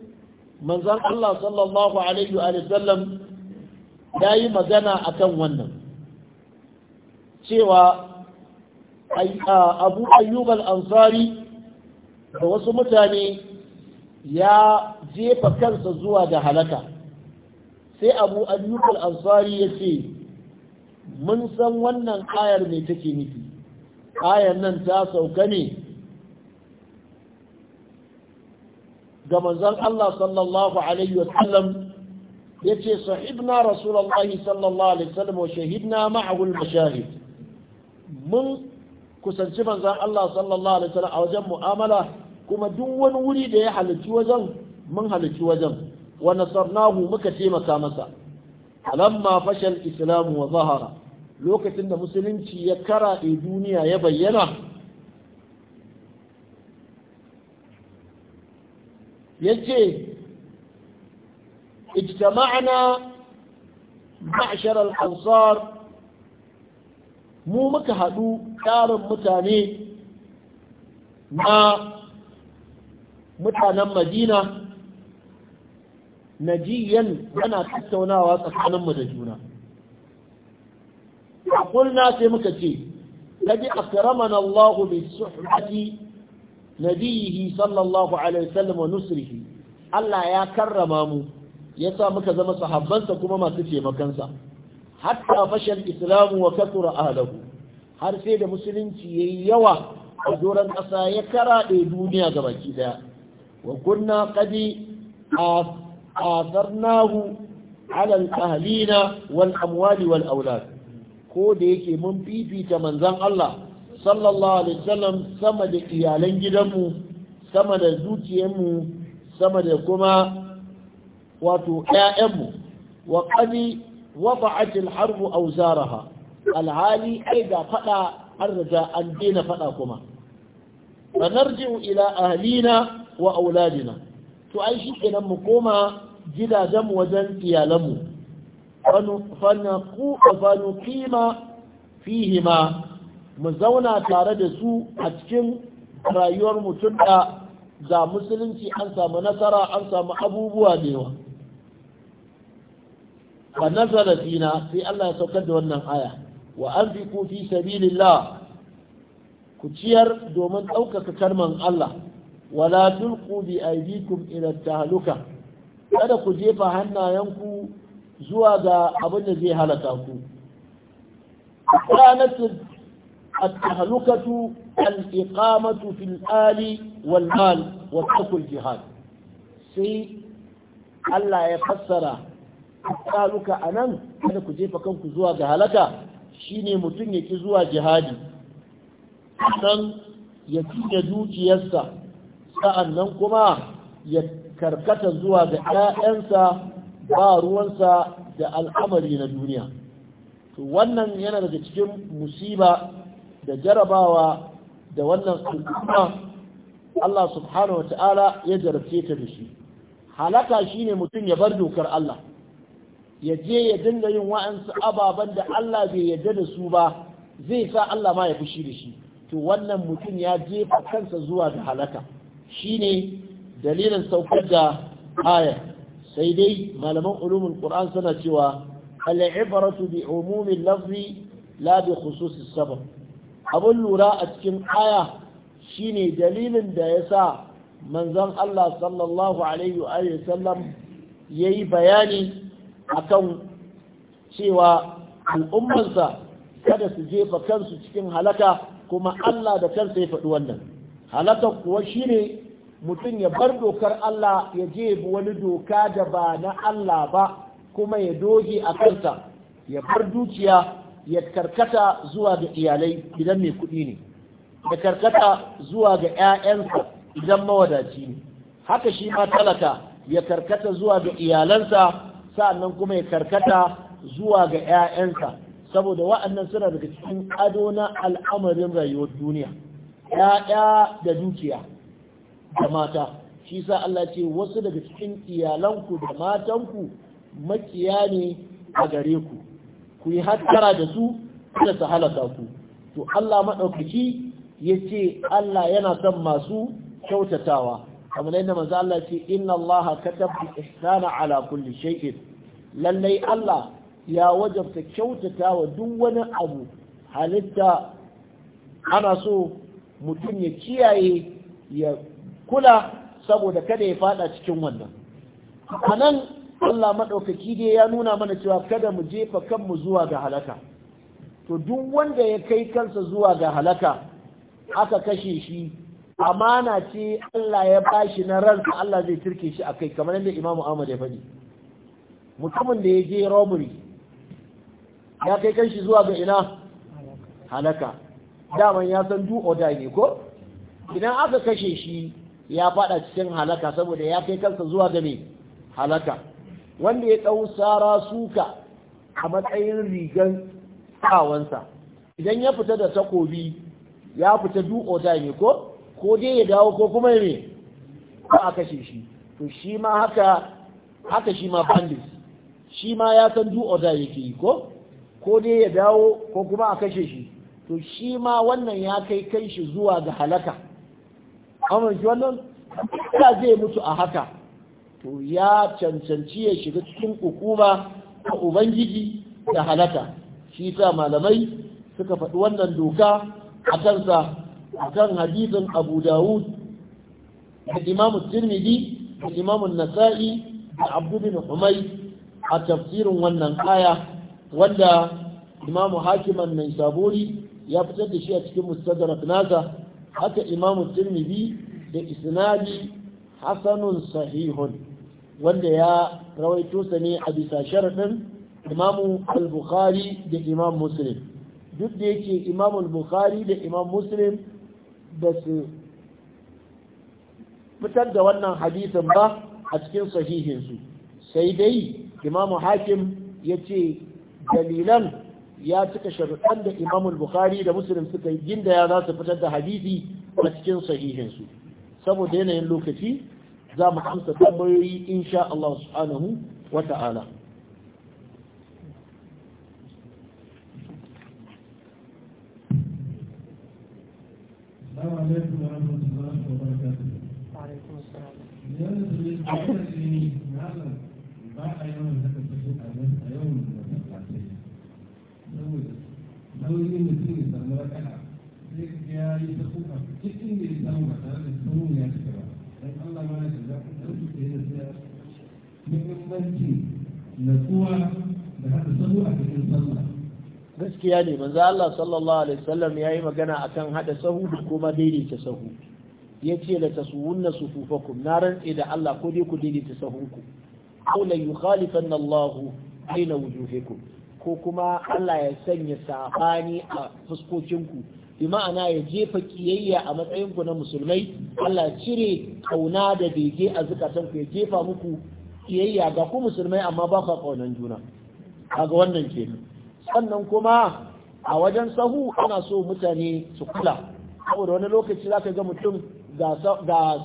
manzan Allah sallallahu Alaihi wasallam ya yi magana akan wannan cewa abu ayyub ansari da wasu mutane ya jefa kansa zuwa da halaka sai abu ayyub ansari ya ce mun san wannan ayar mai take nufi ƙayar nan ta sauka ne ga manzan Allah sallallahu alaihi wasallam ya ce sahibna Rasulallah sallallahu alaihi wasallam wa shahidna ma'ahu mashahid mun kusanci manzan Allah sallallahu alaihi wasallam a wajen mu'amala kuma duk wani wuri da ya halarci wajen mun halarci wajen wa nasarnahu muka taimaka masa alamma fashal islamu wa zahara lokacin da musulunci ya karaɗe duniya ya bayyana yace ijtama'na ma'shar al-ansar mu muka haɗu tarin mutane na mutanen madina na jiyan yana tattaunawa tsakaninmu da juna a kulna sai muka ce ladi a karamana Allah bi suhbati nabiyihi sallallahu alaihi wasallam wa nusrihi Allah ya karrama mu yasa muka zama sahabansa kuma masu taimakon sa hatta fashal islamu wa kasura ahlahu har sai da musulunci yayi yawa a doron ƙasa ya karaɗe duniya ga baki ɗaya wa kunna qadi asarnahu ala al-ahlina wal amwali wal aulad ko da yake mun fifita manzon Allah sallallahu alaihi wasallam sama da iyalan gidanmu sama da zuciyarmu, sama da kuma wato ƴaƴanmu wa qadi wada'at al-harb awzaraha alhali ai ga faɗa an riga an daina faɗa kuma fa narji'u ila ahlina wa auladina to ai shi kenan mu koma gidajen wajen iyalanmu fanaku fanukima fihima mu zauna tare da su a cikin rayuwar mutum da musulunci an samu nasara an samu abubuwa da yawa fa nazara fina sai Allah ya saukar da wannan aya wa anfiqu fi sabilillah ku ciyar domin ɗaukaka kalman Allah wala tulqu bi aydikum ila tahluka kada ku jefa hannayenku zuwa ga abin da zai halaka ku kanat at-tahlukatu al-iqamatu fil ali wal mal wa takul jihad sai Allah ya fassara taluka anan kada ku jefa kanku zuwa ga halaka Shi ne mutum ya ki zuwa jihadi sannan ya cinye dukiyarsa sa'annan kuma ya karkata zuwa ga 'ya'yansa ba ruwansa da al'amari na duniya wannan yana daga cikin musiba da jarabawa da wannan al'umma Allah subhanahu wa ta'ala ya jarabce ta da shi halaka shine mutum ya bar dokar Allah ya je ya dinga yin wa'ansu ababen da Allah bai yarda da su ba zai sa Allah ma ya fushi da shi to wannan mutum ya jefa kansa zuwa ga halaka shine dalilin saukar da aya sai dai malaman ulumul qur'an suna cewa al-ibratu bi umumi lafzi la bi khususi sabab abun lura a cikin aya shine dalilin da yasa manzon Allah sallallahu alaihi wa sallam yayi bayani akan cewa al'ummarsa kada su jefa kansu cikin halaka kuma Allah da kansa ya faɗi wannan halaka kuwa shine mutum ya bar dokar Allah ya je wani doka da ba na Allah ba kuma ya doge a kansa ya bar dukiya ya karkata zuwa ga iyalai idan mai kuɗi ne ya karkata zuwa ga 'ya'yansa idan mawadaci ne haka shi ma talaka ya karkata zuwa ga iyalansa sa'annan kuma ya karkata zuwa ga 'ya'yansa saboda wa'annan suna daga cikin ado na al'amarin rayuwar duniya ‘ya'ya da dukiya da mata shi sa Allah ce wasu daga cikin iyalanku da matanku makiya ne a gare ku ku yi hattara da su da su halaka ku to Allah maɗaukaki ya ce Allah yana son masu kyautatawa kamar yadda maza Allah ce inna Allah ka kataba ihsana ala kulli shay'in lallai Allah ya wajabta kyautata wa duk wani abu halitta ana so mutum ya kiyaye ya kula saboda kada ya fada cikin wannan anan Allah maɗaukaki dai ya nuna mana cewa kada mu jefa kanmu zuwa ga halaka to duk wanda ya kai kansa zuwa ga halaka aka kashe shi amana ce Allah ya bashi na ransa Allah zai turke shi a kai kamar yadda Imam Ahmad ya faɗi mutumin da ya je robbery ya kai kanshi zuwa ga ina halaka daman ya san du oda ne ko idan aka kashe shi ya faɗa cikin halaka saboda ya kai kansa zuwa ga mai halaka wanda ya ɗau sara suka a matsayin rigan kawansa idan ya fita da takobi ya fita du oda ne ko ko dai ya dawo ko kuma ne ko a kashe shi to shi ma haka haka shi ma bandit shi ma ya san du oda yake yi ko ko dai ya dawo ko kuma a kashe shi to shi ma wannan ya kai kai shi zuwa ga halaka amma shi wannan zai mutu a haka to ya cancanci ya shiga cikin hukuma ta ubangiji da halaka shi sa malamai suka faɗi wannan doka a kansa akan hadisin Abu Dawud da imamu Tirmidhi da imamun Nasa'i da Abu bin a tafsirin wannan aya wanda imamu Hakiman mai naisaburi ya fitar da shi a cikin Mustadrak nasa haka imamu Tirmidhi da isnadi hasanun sahihun wanda ya rawaito sa ne a bisa sharadin Imam Al-Bukhari da Imam Muslim duk da yake Imam Al-Bukhari da Imam Muslim da su fitar da wannan hadisin ba a cikin sahihinsu sai dai imamu hakim ya ce dalilan ya cika sharuɗan da imamul bukhari da musulun suka yi gindaya za su fitar da hadisi a cikin sahihinsu saboda yanayin lokaci za mu amsa tambayoyi insha Allah subhanahu wa ta'ala السلام عليكم ورحمة الله وبركاته وعليكم السلام لأن في الحديث نعلم ya yi ta kuka cikin da ya samu ba tare da samun ya Allah ma ya shiga da yana tsaya da a cikin sallah gaskiya ne manzo Allah sallallahu alaihi wasallam yayi magana akan hada sahu da kuma daidaita sahu yace la taswunna sufufakum naran da Allah ko dai ku daidaita sahunku ko la yukhalifanna Allah baina wujuhikum ko kuma Allah ya sanya sabani a fuskokinku bi ma'ana ya jefa kiyayya a matsayinku na musulmai Allah ya cire kauna da bege a zukatanku ya jefa muku kiyayya ga ku musulmai amma ba ka kaunan juna kaga wannan kenan sannan kuma a wajen sahu ana so mutane su kula saboda wani lokaci za ka ga mutum ga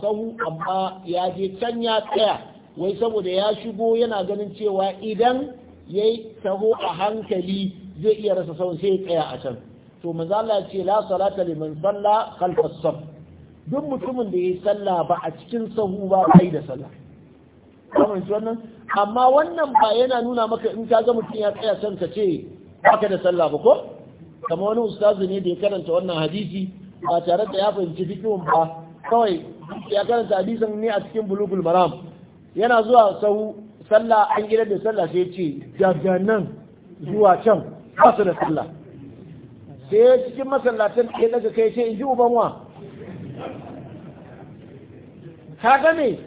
sahu amma ya je can ya tsaya wai saboda ya shigo yana ganin cewa idan ya yi taho a hankali zai iya rasa sahun sai ya tsaya a can to manzala ce la salata liman salla khalfa saf duk mutumin da ya yi sallah ba a cikin sahu ba bai da sallah amma wannan ba yana nuna maka in ka ga mutum ya tsaya can ka ce haka da sallah ba ko kamar wani ustazu ne da ya karanta wannan hadisi ba tare da ya fahimci fikihun ba kawai ya karanta hadisin ne a cikin bulugul maram yana zuwa sau sallah an gida da sallah sai ce daga nan zuwa can ba su da sallah sai cikin masallacin ya daga kai ce in ji uban wa Ka gane?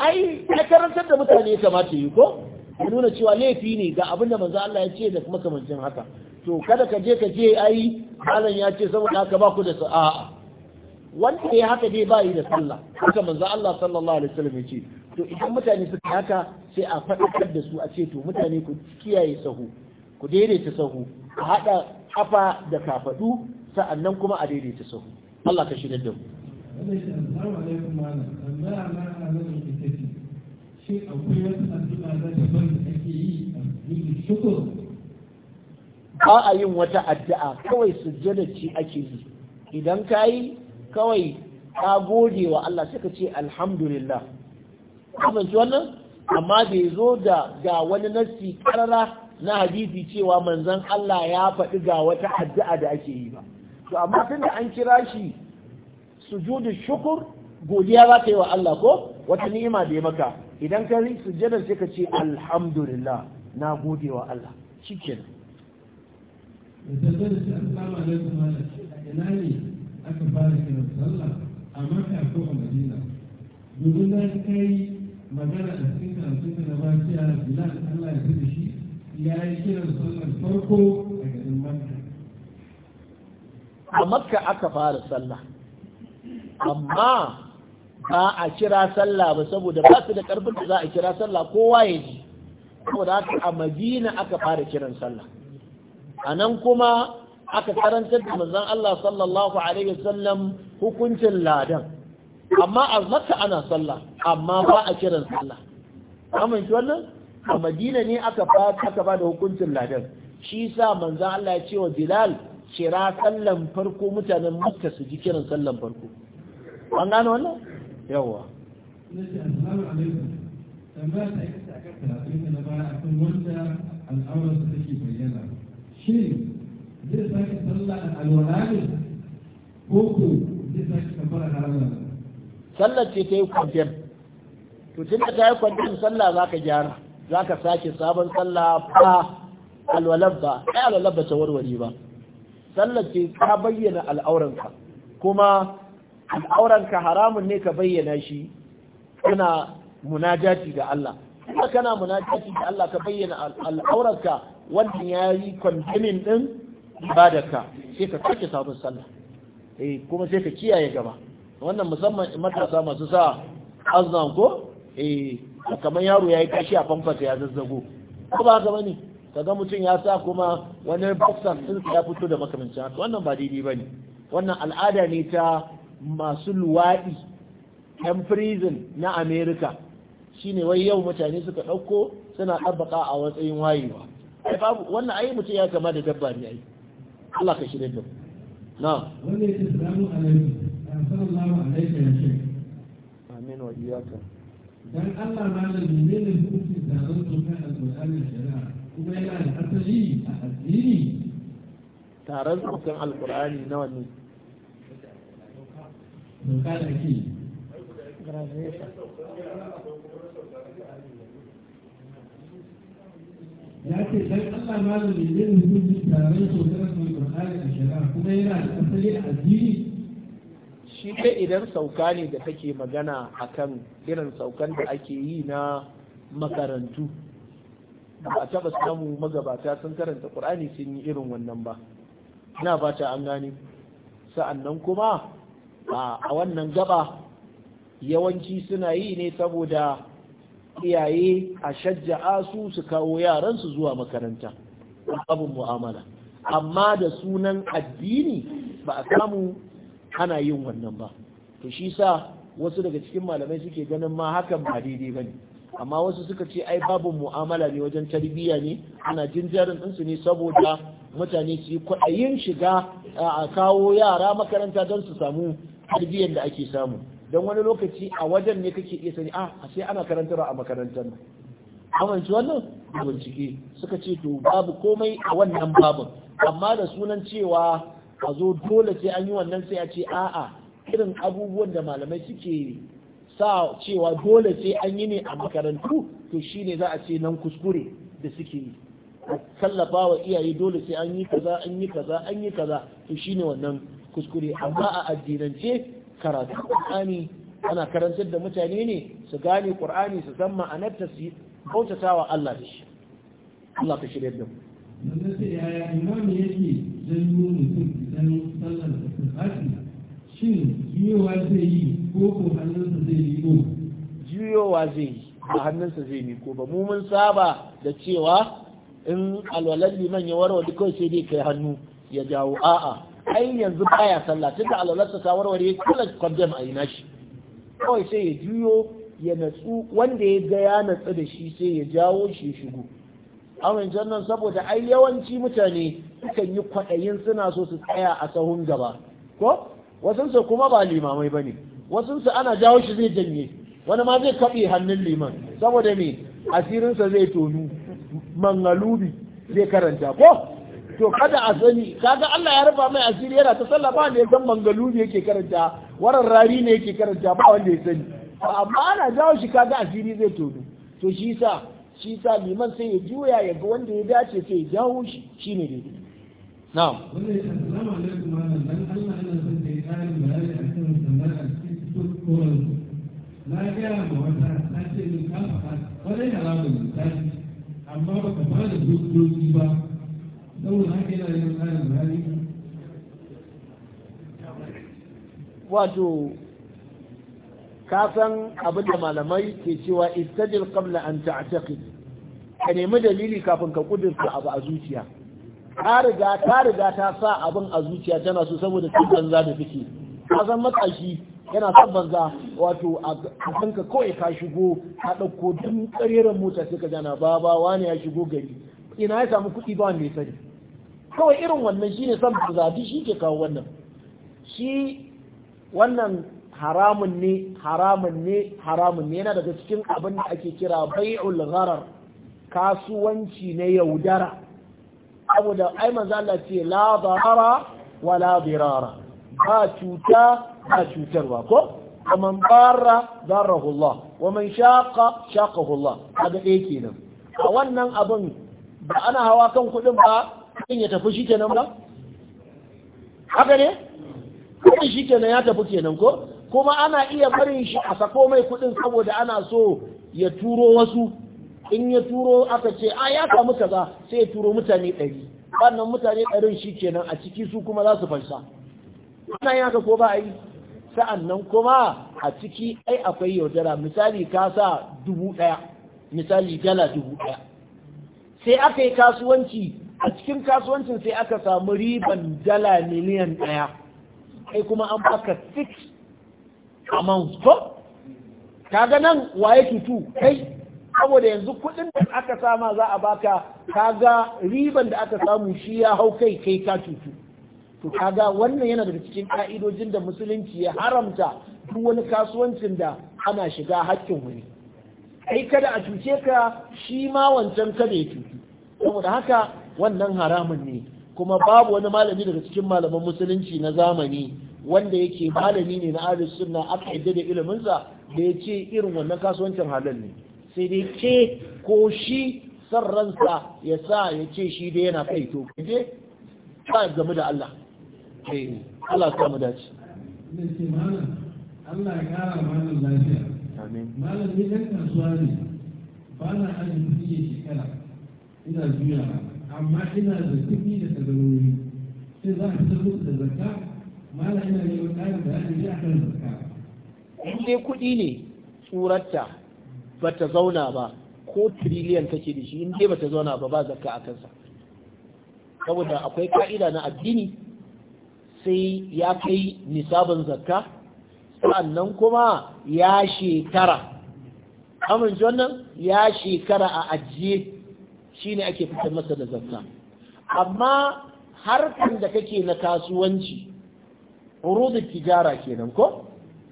ai ya karantar da mutane kamata yi ko ya nuna cewa laifi ne ga abin da manzo Allah ya ce da kuma kamancin haka to kada ka je ka je ai malam ya ce saboda haka ba ku da sa'a wanda ya haka dai ba yi da sallah haka manzo Allah sallallahu alaihi wasallam ya ce to idan mutane suka haka sai a faɗaɗar da su a ce to mutane ku kiyaye sahu ku daidaita sahu a haɗa kafa da kafaɗu sa'annan kuma a daidaita sahu Allah ka shirya da mu. Assalamu alaikum malam. Tambaya na a nan shi akwai wata addu'a na daban da ake yi a yin shukur ba a yin wata addu'a kawai sujjada ce ake yi idan ka yi kawai ka gode wa Allah suka ce alhamdulillah kamanci wannan amma bai zo da ga wani nassi karara na hadisi cewa manzan Allah ya faɗi ga wata addu'a da ake yi ba to amma tunda an kira shi sujudu shukur godiya za ta yi wa Allah ko wata ni'ima da ya maka idan ka yi sujjada sai ka ce alhamdulillah na gode wa Allah shikenan ina ne aka fara kiran sallah a maka ko a madina domin na kai magana a cikin karatun na ba shi a bilal allah ya fi da shi ya yi kiran sallar farko a garin makka a makka aka fara sallah amma ba a kira sallah ba saboda ba su da karfin da za a kira sallah kowa ya ji saboda haka a madina aka fara kiran sallah a nan kuma aka karantar da manzon Allah sallallahu alaihi wasallam hukuncin ladan amma a makka ana sallah amma ba a kiran sallah amince wannan a madina ne aka aka ba da hukuncin ladan shi sa manzon Allah ya ce wa Bilal kira sallan farko mutanen makka su ji kiran sallan farko an gano wannan yawa tambaya ta yi sallah sallar ce ta yi kwanciyar to tun da ta yi kwanciyar sallar za ka gyara za ka sake sabon sallar ba alwalar ba ai alwalar ba ta warware ba sallar ce ta bayyana al'auranka kuma al'auranka haramun ne ka bayyana shi kana munajati ga Allah kuma kana munajati ga Allah ka bayyana al'auranka wannan ya yi din ɗin ibadarka sai ka kace sabon sallah eh kuma sai ka kiyaye gaba wannan musamman matasa masu sa azan ko eh kamar yaro ya yi kashi a famfasa ya zazzago ko ba gaba ne kaga mutum ya sa kuma wani boxer sun ya fito da makamancin haka wannan ba daidai ba ne wannan al'ada ne ta masu luwaɗi yan prison na Amerika shi ne wai yau mutane suka ɗauko suna ɗabbaka a watsayin wayewa wannan ayi mutum ya kama da dabba ne ai Allah ka shirin da na wanda yake salamu alaikum sallallahu alaihi wa sallam amin wa iyyaka dan Allah malami ne ne hukunci da zan tsoka alqur'ani shari'a kuma yana da asali a addini taron tsokan Alƙur'ani nawa ne doka da ake ya ce dan Allah malami ne ne hukunci taron sautar mai Qur'ani a shari'a kuma yana da asali a jini. shi dai idan sauka ne da take magana a kan irin saukan da ake yi na makarantu ba a taɓa samu magabata sun karanta ƙur'ani sun yi irin wannan ba ina ba ta an gani sa'annan kuma a wannan gaba yawanci suna yi ne saboda iyaye a shajja'a su su kawo yaransu zuwa makaranta abin mu'amala amma da sunan addini ba a samu ana yin wannan ba to shi sa wasu daga cikin malamai suke ganin ma hakan ba daidai ba ne amma wasu suka ce ai babu mu'amala ne wajen tarbiyya ne ana jinjarin ɗinsu ne saboda mutane su yi kwaɗayin shiga a kawo yara makaranta don su samu tarbiyyar da ake samu don wani lokaci a wajen ne kake iya sani ah, a sai ana karantarwa a makarantar amince wannan bincike suka ce to babu komai a wannan babun amma da sunan cewa a zo dole sai an yi wannan sai a ce a'a irin abubuwan da malamai suke sa cewa dole sai an yi ne a makarantu to shine za a ce nan kuskure da suke yi kallafa wa iyaye dole sai an yi kaza an yi kaza an yi kaza to shine wannan kuskure amma a addinance karatu Qur'ani ana karantar da mutane ne su gane Qur'ani su san ma'anarta su bautata wa Allah da shi Allah ka shirye da mu shin juyowa zai yi ko ko zai yi ko juyowa zai yi ba hannunsa zai yi ko ba mu mun saba da cewa in alwalar liman ya warware kawai sai dai kai hannu ya jawo a'a ai yanzu baya sallah da alwalarsa ta ya kala kwaddam a ina shi kawai sai ya juyo ya natsu wanda ya ga ya natsu da shi sai ya jawo shi ya shigo amin jannan saboda ai yawanci mutane sukan yi kwaɗayin suna so su tsaya a sahun gaba ko su kuma ba limamai ba ne su ana jawo shi zai janye wani ma zai kaɓe hannun liman saboda me asirinsa zai tonu mangalubi zai karanta ko to kada a sani kaga Allah ya rufa mai asiri yana ta sallah ba ne san mangalu ne yake karanta waran rari ne yake karanta ba wanda ya sani amma ana jawo shi kaga asiri zai todo to shi sa shi sa liman sai ya juya ya ga wanda ya dace sai ya jawo shi shine daidai na'am na da wata ta ce min kafa wadai haramun ta amma ba ka fara dokoki wato kasan abin da malamai ke cewa istajil qabla an ta'taqid ka nemi dalili kafin ka ka abu a zuciya ka ta riga ta sa abin a zuciya tana so saboda cin banza da take ka san yana son banza wato a kanka kawai ka shigo ka ɗauko duk ƙareren mota sai ka jana ba wani ya shigo gari ina ya samu kuɗi ba wanda ya sani kawai irin wannan ne san zafi shi ke kawo wannan shi wannan haramun ne haramun ne haramun ne yana daga cikin abin da ake kira bai'ul gharar kasuwanci na yaudara saboda ai manzo Allah ce la wa wala dirara ba cuta ba cutarwa ko ومن ضار ضره الله ومن شاق شاقه الله هذا kenan a wannan abin ba ana hawa kan kudin ba in ya tafi shi kenan ba haka ne kudin shi kenan ya tafi kenan ko kuma ana iya barin shi a sako mai kudin saboda ana so ya turo wasu in ya turo aka ce a ya samu kaza sai ya turo mutane ɗari wannan mutane ɗarin shi kenan a ciki su kuma za su fansa wannan ya ko ba a yi sa'an nan kuma a ciki ai akwai yaudara misali ka sa dubu ɗaya misali dala dubu ɗaya sai aka yi kasuwanci a cikin kasuwancin sai aka samu riban dala miliyan ɗaya kai kuma an baka six amount ko kaga nan waye tutu kai saboda yanzu kuɗin da aka sama za a baka kaga riban da aka samu shi ya hau kai kai ka tutu to kaga wannan yana da cikin ka'idojin da musulunci ya haramta duk wani kasuwancin da ana shiga hakkin wani ai kada a cuce ka shi ma wancan kada ya cutu saboda haka wannan haramun ne kuma babu wani malami daga cikin malaman musulunci na zamani wanda yake malami ne na ahlus sunna aka yadda da sa da ya ce irin wannan kasuwancin halal ne sai dai ke ko shi san ransa ya sa ya ce shi dai yana kai to kaje ba game da Allah eh Allah ya mu dace Allah ya kara mana lafiya amin malami dan kasuwa ne ba na ajin shi kala ina juya amma ina da kuɗi da kadarori sai za a fitar da zakka mala ina da ƙarin bayani ne akan zakka in dai kuɗi ne tsurarta ba ta zauna ba ko tiriliyan take da shi in dai ba ta zauna ba ba zakka a kansa saboda akwai ka'ida na addini sai ya kai nisabin zakka sannan kuma ya shekara amince wannan ya shekara a ajiye ne ake fitar masa da zakka amma harkar da kake na kasuwanci urudin tijara kenan ko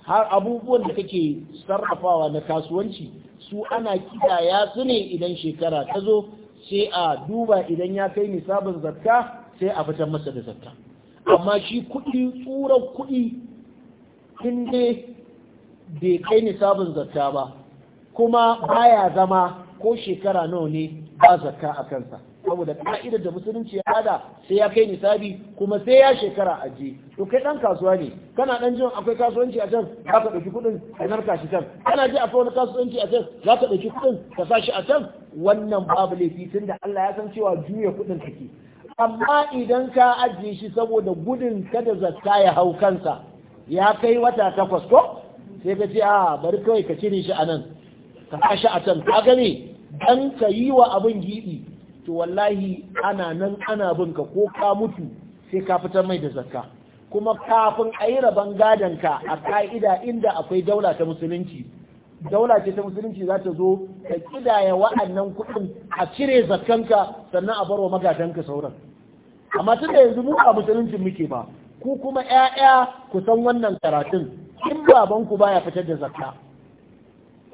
har abubuwan da kake sarrafawa na kasuwanci su ana ya su ne idan shekara ta zo sai a duba idan ya kai nisabin zakka sai a fitar masa da zakka amma shi kuɗi tsuran kuɗi in bai kai nisabin zakka ba kuma baya zama ko shekara nawa ne ba zakka a kansa saboda ka'idar da musulunci ya bada sai ya kai nisabi kuma sai ya shekara aji to kai dan kasuwa ne kana dan jin akwai kasuwanci a can za ka dauki kudin ka narka shi can kana ji akwai wani kasuwanci a can za ka dauki kudin ka sa shi a can wannan babu laifi tunda Allah ya san cewa juya kudin kake amma idan ka ajiye shi saboda gudun kada zakka ya hau kansa ya kai wata takwas ko sai ka ce a ah, bari kawai ka cire shi a nan ka sa a can ka gani dan ka yi wa abin giɓi to wallahi ana nan ana bin ka ko ka mutu sai ka fitar mai da zakka kuma kafin a yi rabon ka a ka'ida inda akwai daula ta musulunci daula ce ta musulunci za ta zo ta kidaya wa'annan kuɗin a cire zakkanka sannan a barwa magatanka sauran amma tun da yanzu mu a musulunci muke ba ku kuma 'ya'ya ku san wannan karatun in babanku baya fitar da zakka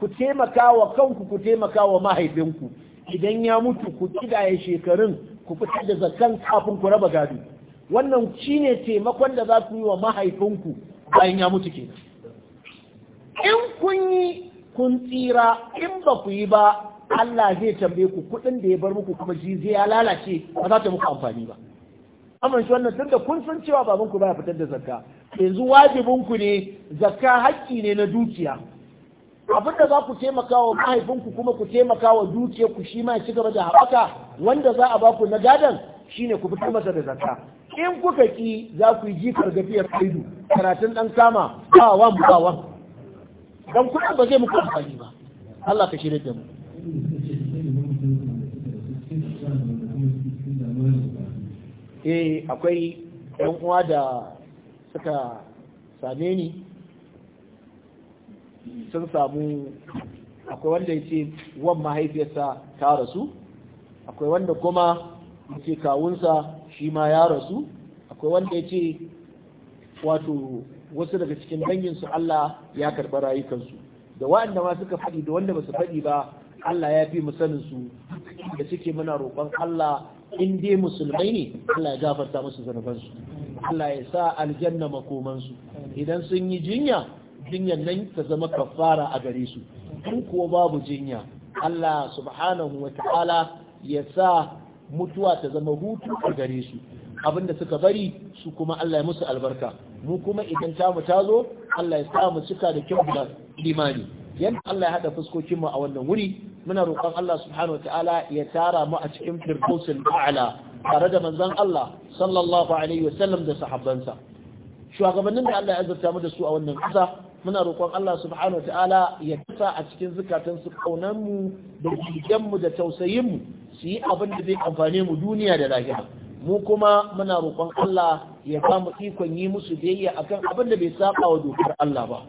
ku taimaka wa kanku ku taimaka wa mahaifinku idan ya mutu ku kidaye shekarun ku fitar da zakan kafin ku raba gado wannan shine taimakon da za ku yi wa mahaifinku bayan ya mutu kenan in kun yi kun tsira in ba ku yi ba Allah zai tambaye ku kuɗin da ya bar muku kuma shi zai lalace ba za ta muku amfani ba amma shi wannan tunda kun san cewa babanku ba baya fitar da zakka yanzu wajibinku ne zakka hakki ne na dukiya Abin da za ku taimaka wa mahaifinku kuma ku taimaka wa dukiyar ku shi ma ya ci gaba da haɓaka wanda za a baku na gadon shine ku fitar masa da zakka in kuka ƙi za ku yi jikar gafiyar aidu karatun dan kama ba wan ba wan dan kuɗin ba zai muku amfani ba Allah ka shirye da mu eh akwai yan uwa da suka same ni sun samu akwai wanda ya ce wan mahaifiyarsa ta rasu akwai wanda kuma ya ce kawunsa shi ma ya rasu akwai wanda ya ce wato wasu daga cikin danginsu Allah ya karɓi rayukansu da waɗanda ma suka faɗi da wanda ba su faɗi ba Allah ya fi musaninsu da suke muna roƙon Allah in dai musulmai ne Allah ya gafarta musu zanubansu Allah ya sa aljanna makomansu idan sun yi jinya jinyar nan ta zama kafara a gare su in kuwa babu jinya Allah subhanahu wa ta'ala ya sa mutuwa ta zama hutu a gare su abinda suka bari su kuma Allah ya musu albarka mu kuma idan tamu ta zo Allah ya sa mu cika da kyau da limani yanda Allah ya hada fuskokin mu a wannan wuri muna roƙon Allah subhanahu ta'ala ya tara mu a cikin firdausul a'la tare da manzon Allah sallallahu alaihi sallam da sahabbansa shugabannin da Allah ya azurta mu da su a wannan ƙasa muna roƙon Allah subhanahu ta'ala ya kasa a cikin zukatan su kaunan mu da jigen mu da tausayin mu su yi abin da zai amfane mu duniya da lahira mu kuma muna roƙon Allah ya kama ikon yi musu biyayya akan abin da bai saba wa dokar Allah ba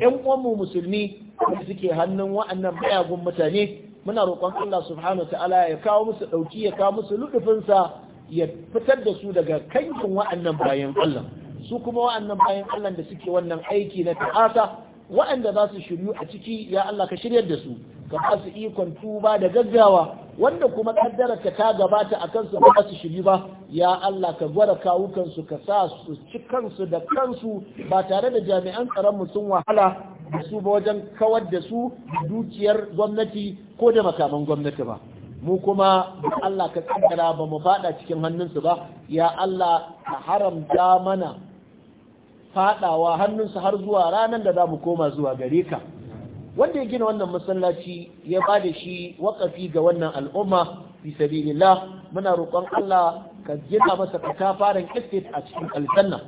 ƴan uwan mu musulmi da suke hannun wa'annan bayagun mutane muna roƙon Allah subhanahu ta'ala ya kawo musu dauki ya kawo musu lutufin sa ya fitar da su daga kankin wa'annan bayan Allah su kuma wa'annan bayan Allah da suke wannan aiki na ta'asa wa'anda za su shiryu a ciki ya Allah ka shiryar da su ka ba su ikon tuba da gaggawa wanda kuma kaddara ka ta gabata a kansu ba su shiryu ba ya Allah ka gwada kawukansu ka sa su ci kansu da kansu ba tare da jami'an tsaron sun wahala da su ba wajen kawar da su dukiyar gwamnati ko da makaman gwamnati ba mu kuma Allah ka kaddara ba mu fada cikin hannunsu ba ya Allah ka haramta mana fadawa hannunsa har zuwa ranar da za mu koma zuwa gare ka wanda ya gina wannan masallaci ya bada shi waƙafi ga wannan al'umma fi sabilillah muna roƙon Allah ka gina masa katafaren estate a cikin aljanna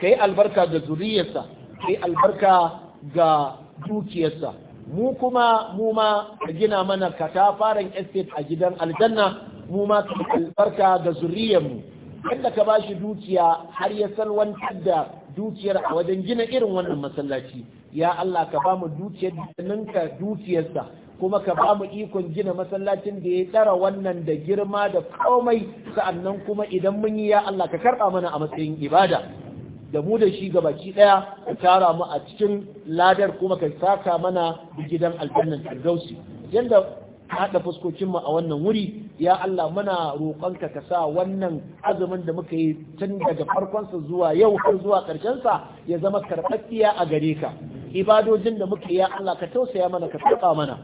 kai albarka ga zuriyarsa kai albarka ga dukiyarsa mu kuma mu ma ka gina mana katafaren estate a gidan aljanna mu ma ka albarka ga zuriyarmu yadda ka ba shi dukiya har ya salwantar da dukiyar a wajen gina irin wannan masallaci ya Allah ka ba mu dukiyar ninka dukiyarsa kuma ka ba mu ikon gina masallacin da ya tsara wannan da girma da komai sa'annan kuma idan mun yi ya Allah ka karɓa mana a matsayin ibada da mu da shi gabaki ɗaya ka tara mu a cikin ladar kuma ka saka mana gidan aljannan firdausi yanda haɗa fuskokinmu a wannan wuri ya Allah muna roƙonka ka sa wannan azumin da muka yi tun daga farkonsa zuwa yau har zuwa ƙarshensa ya zama karɓaɓɓiya a gare ka ibadojin da muka yi ya Allah ka tausaya mana ka taɓa mana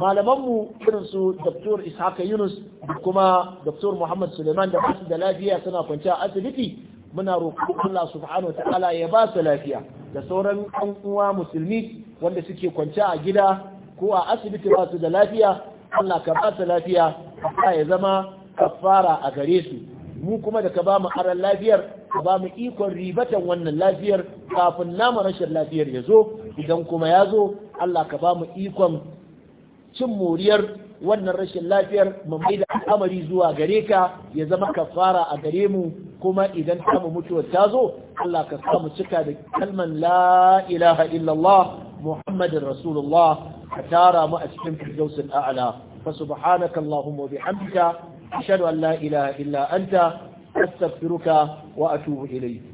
malamanmu irin su Dr. Ishaq Yunus da kuma Dr. Muhammad Suleiman da basu da lafiya suna kwanciya asibiti muna roƙon Allah subhanahu ta'ala ya ba su lafiya da sauran ɗan uwa musulmi wanda suke kwanciya a gida ko a asibiti ba su da lafiya Allah ka ba su lafiya ka ya zama kafara a gare su mu kuma da ka ba mu aran lafiyar ka ba mu ikon ribatan wannan lafiyar kafin namu rashin lafiyar ya zo idan kuma ya zo Allah ka ba mu ikon cin moriyar wannan rashin lafiyar mu mai da al'amari zuwa gare ka ya zama kafara a gare mu kuma idan ta mu mutuwar ta zo Allah ka sa mu cika da kalman la ilaha illallah محمد رسول الله حتارى ما أسلمك الجوز الأعلى فسبحانك اللهم وبحمدك أشهد أن لا إله إلا أنت أستغفرك وأتوب إليك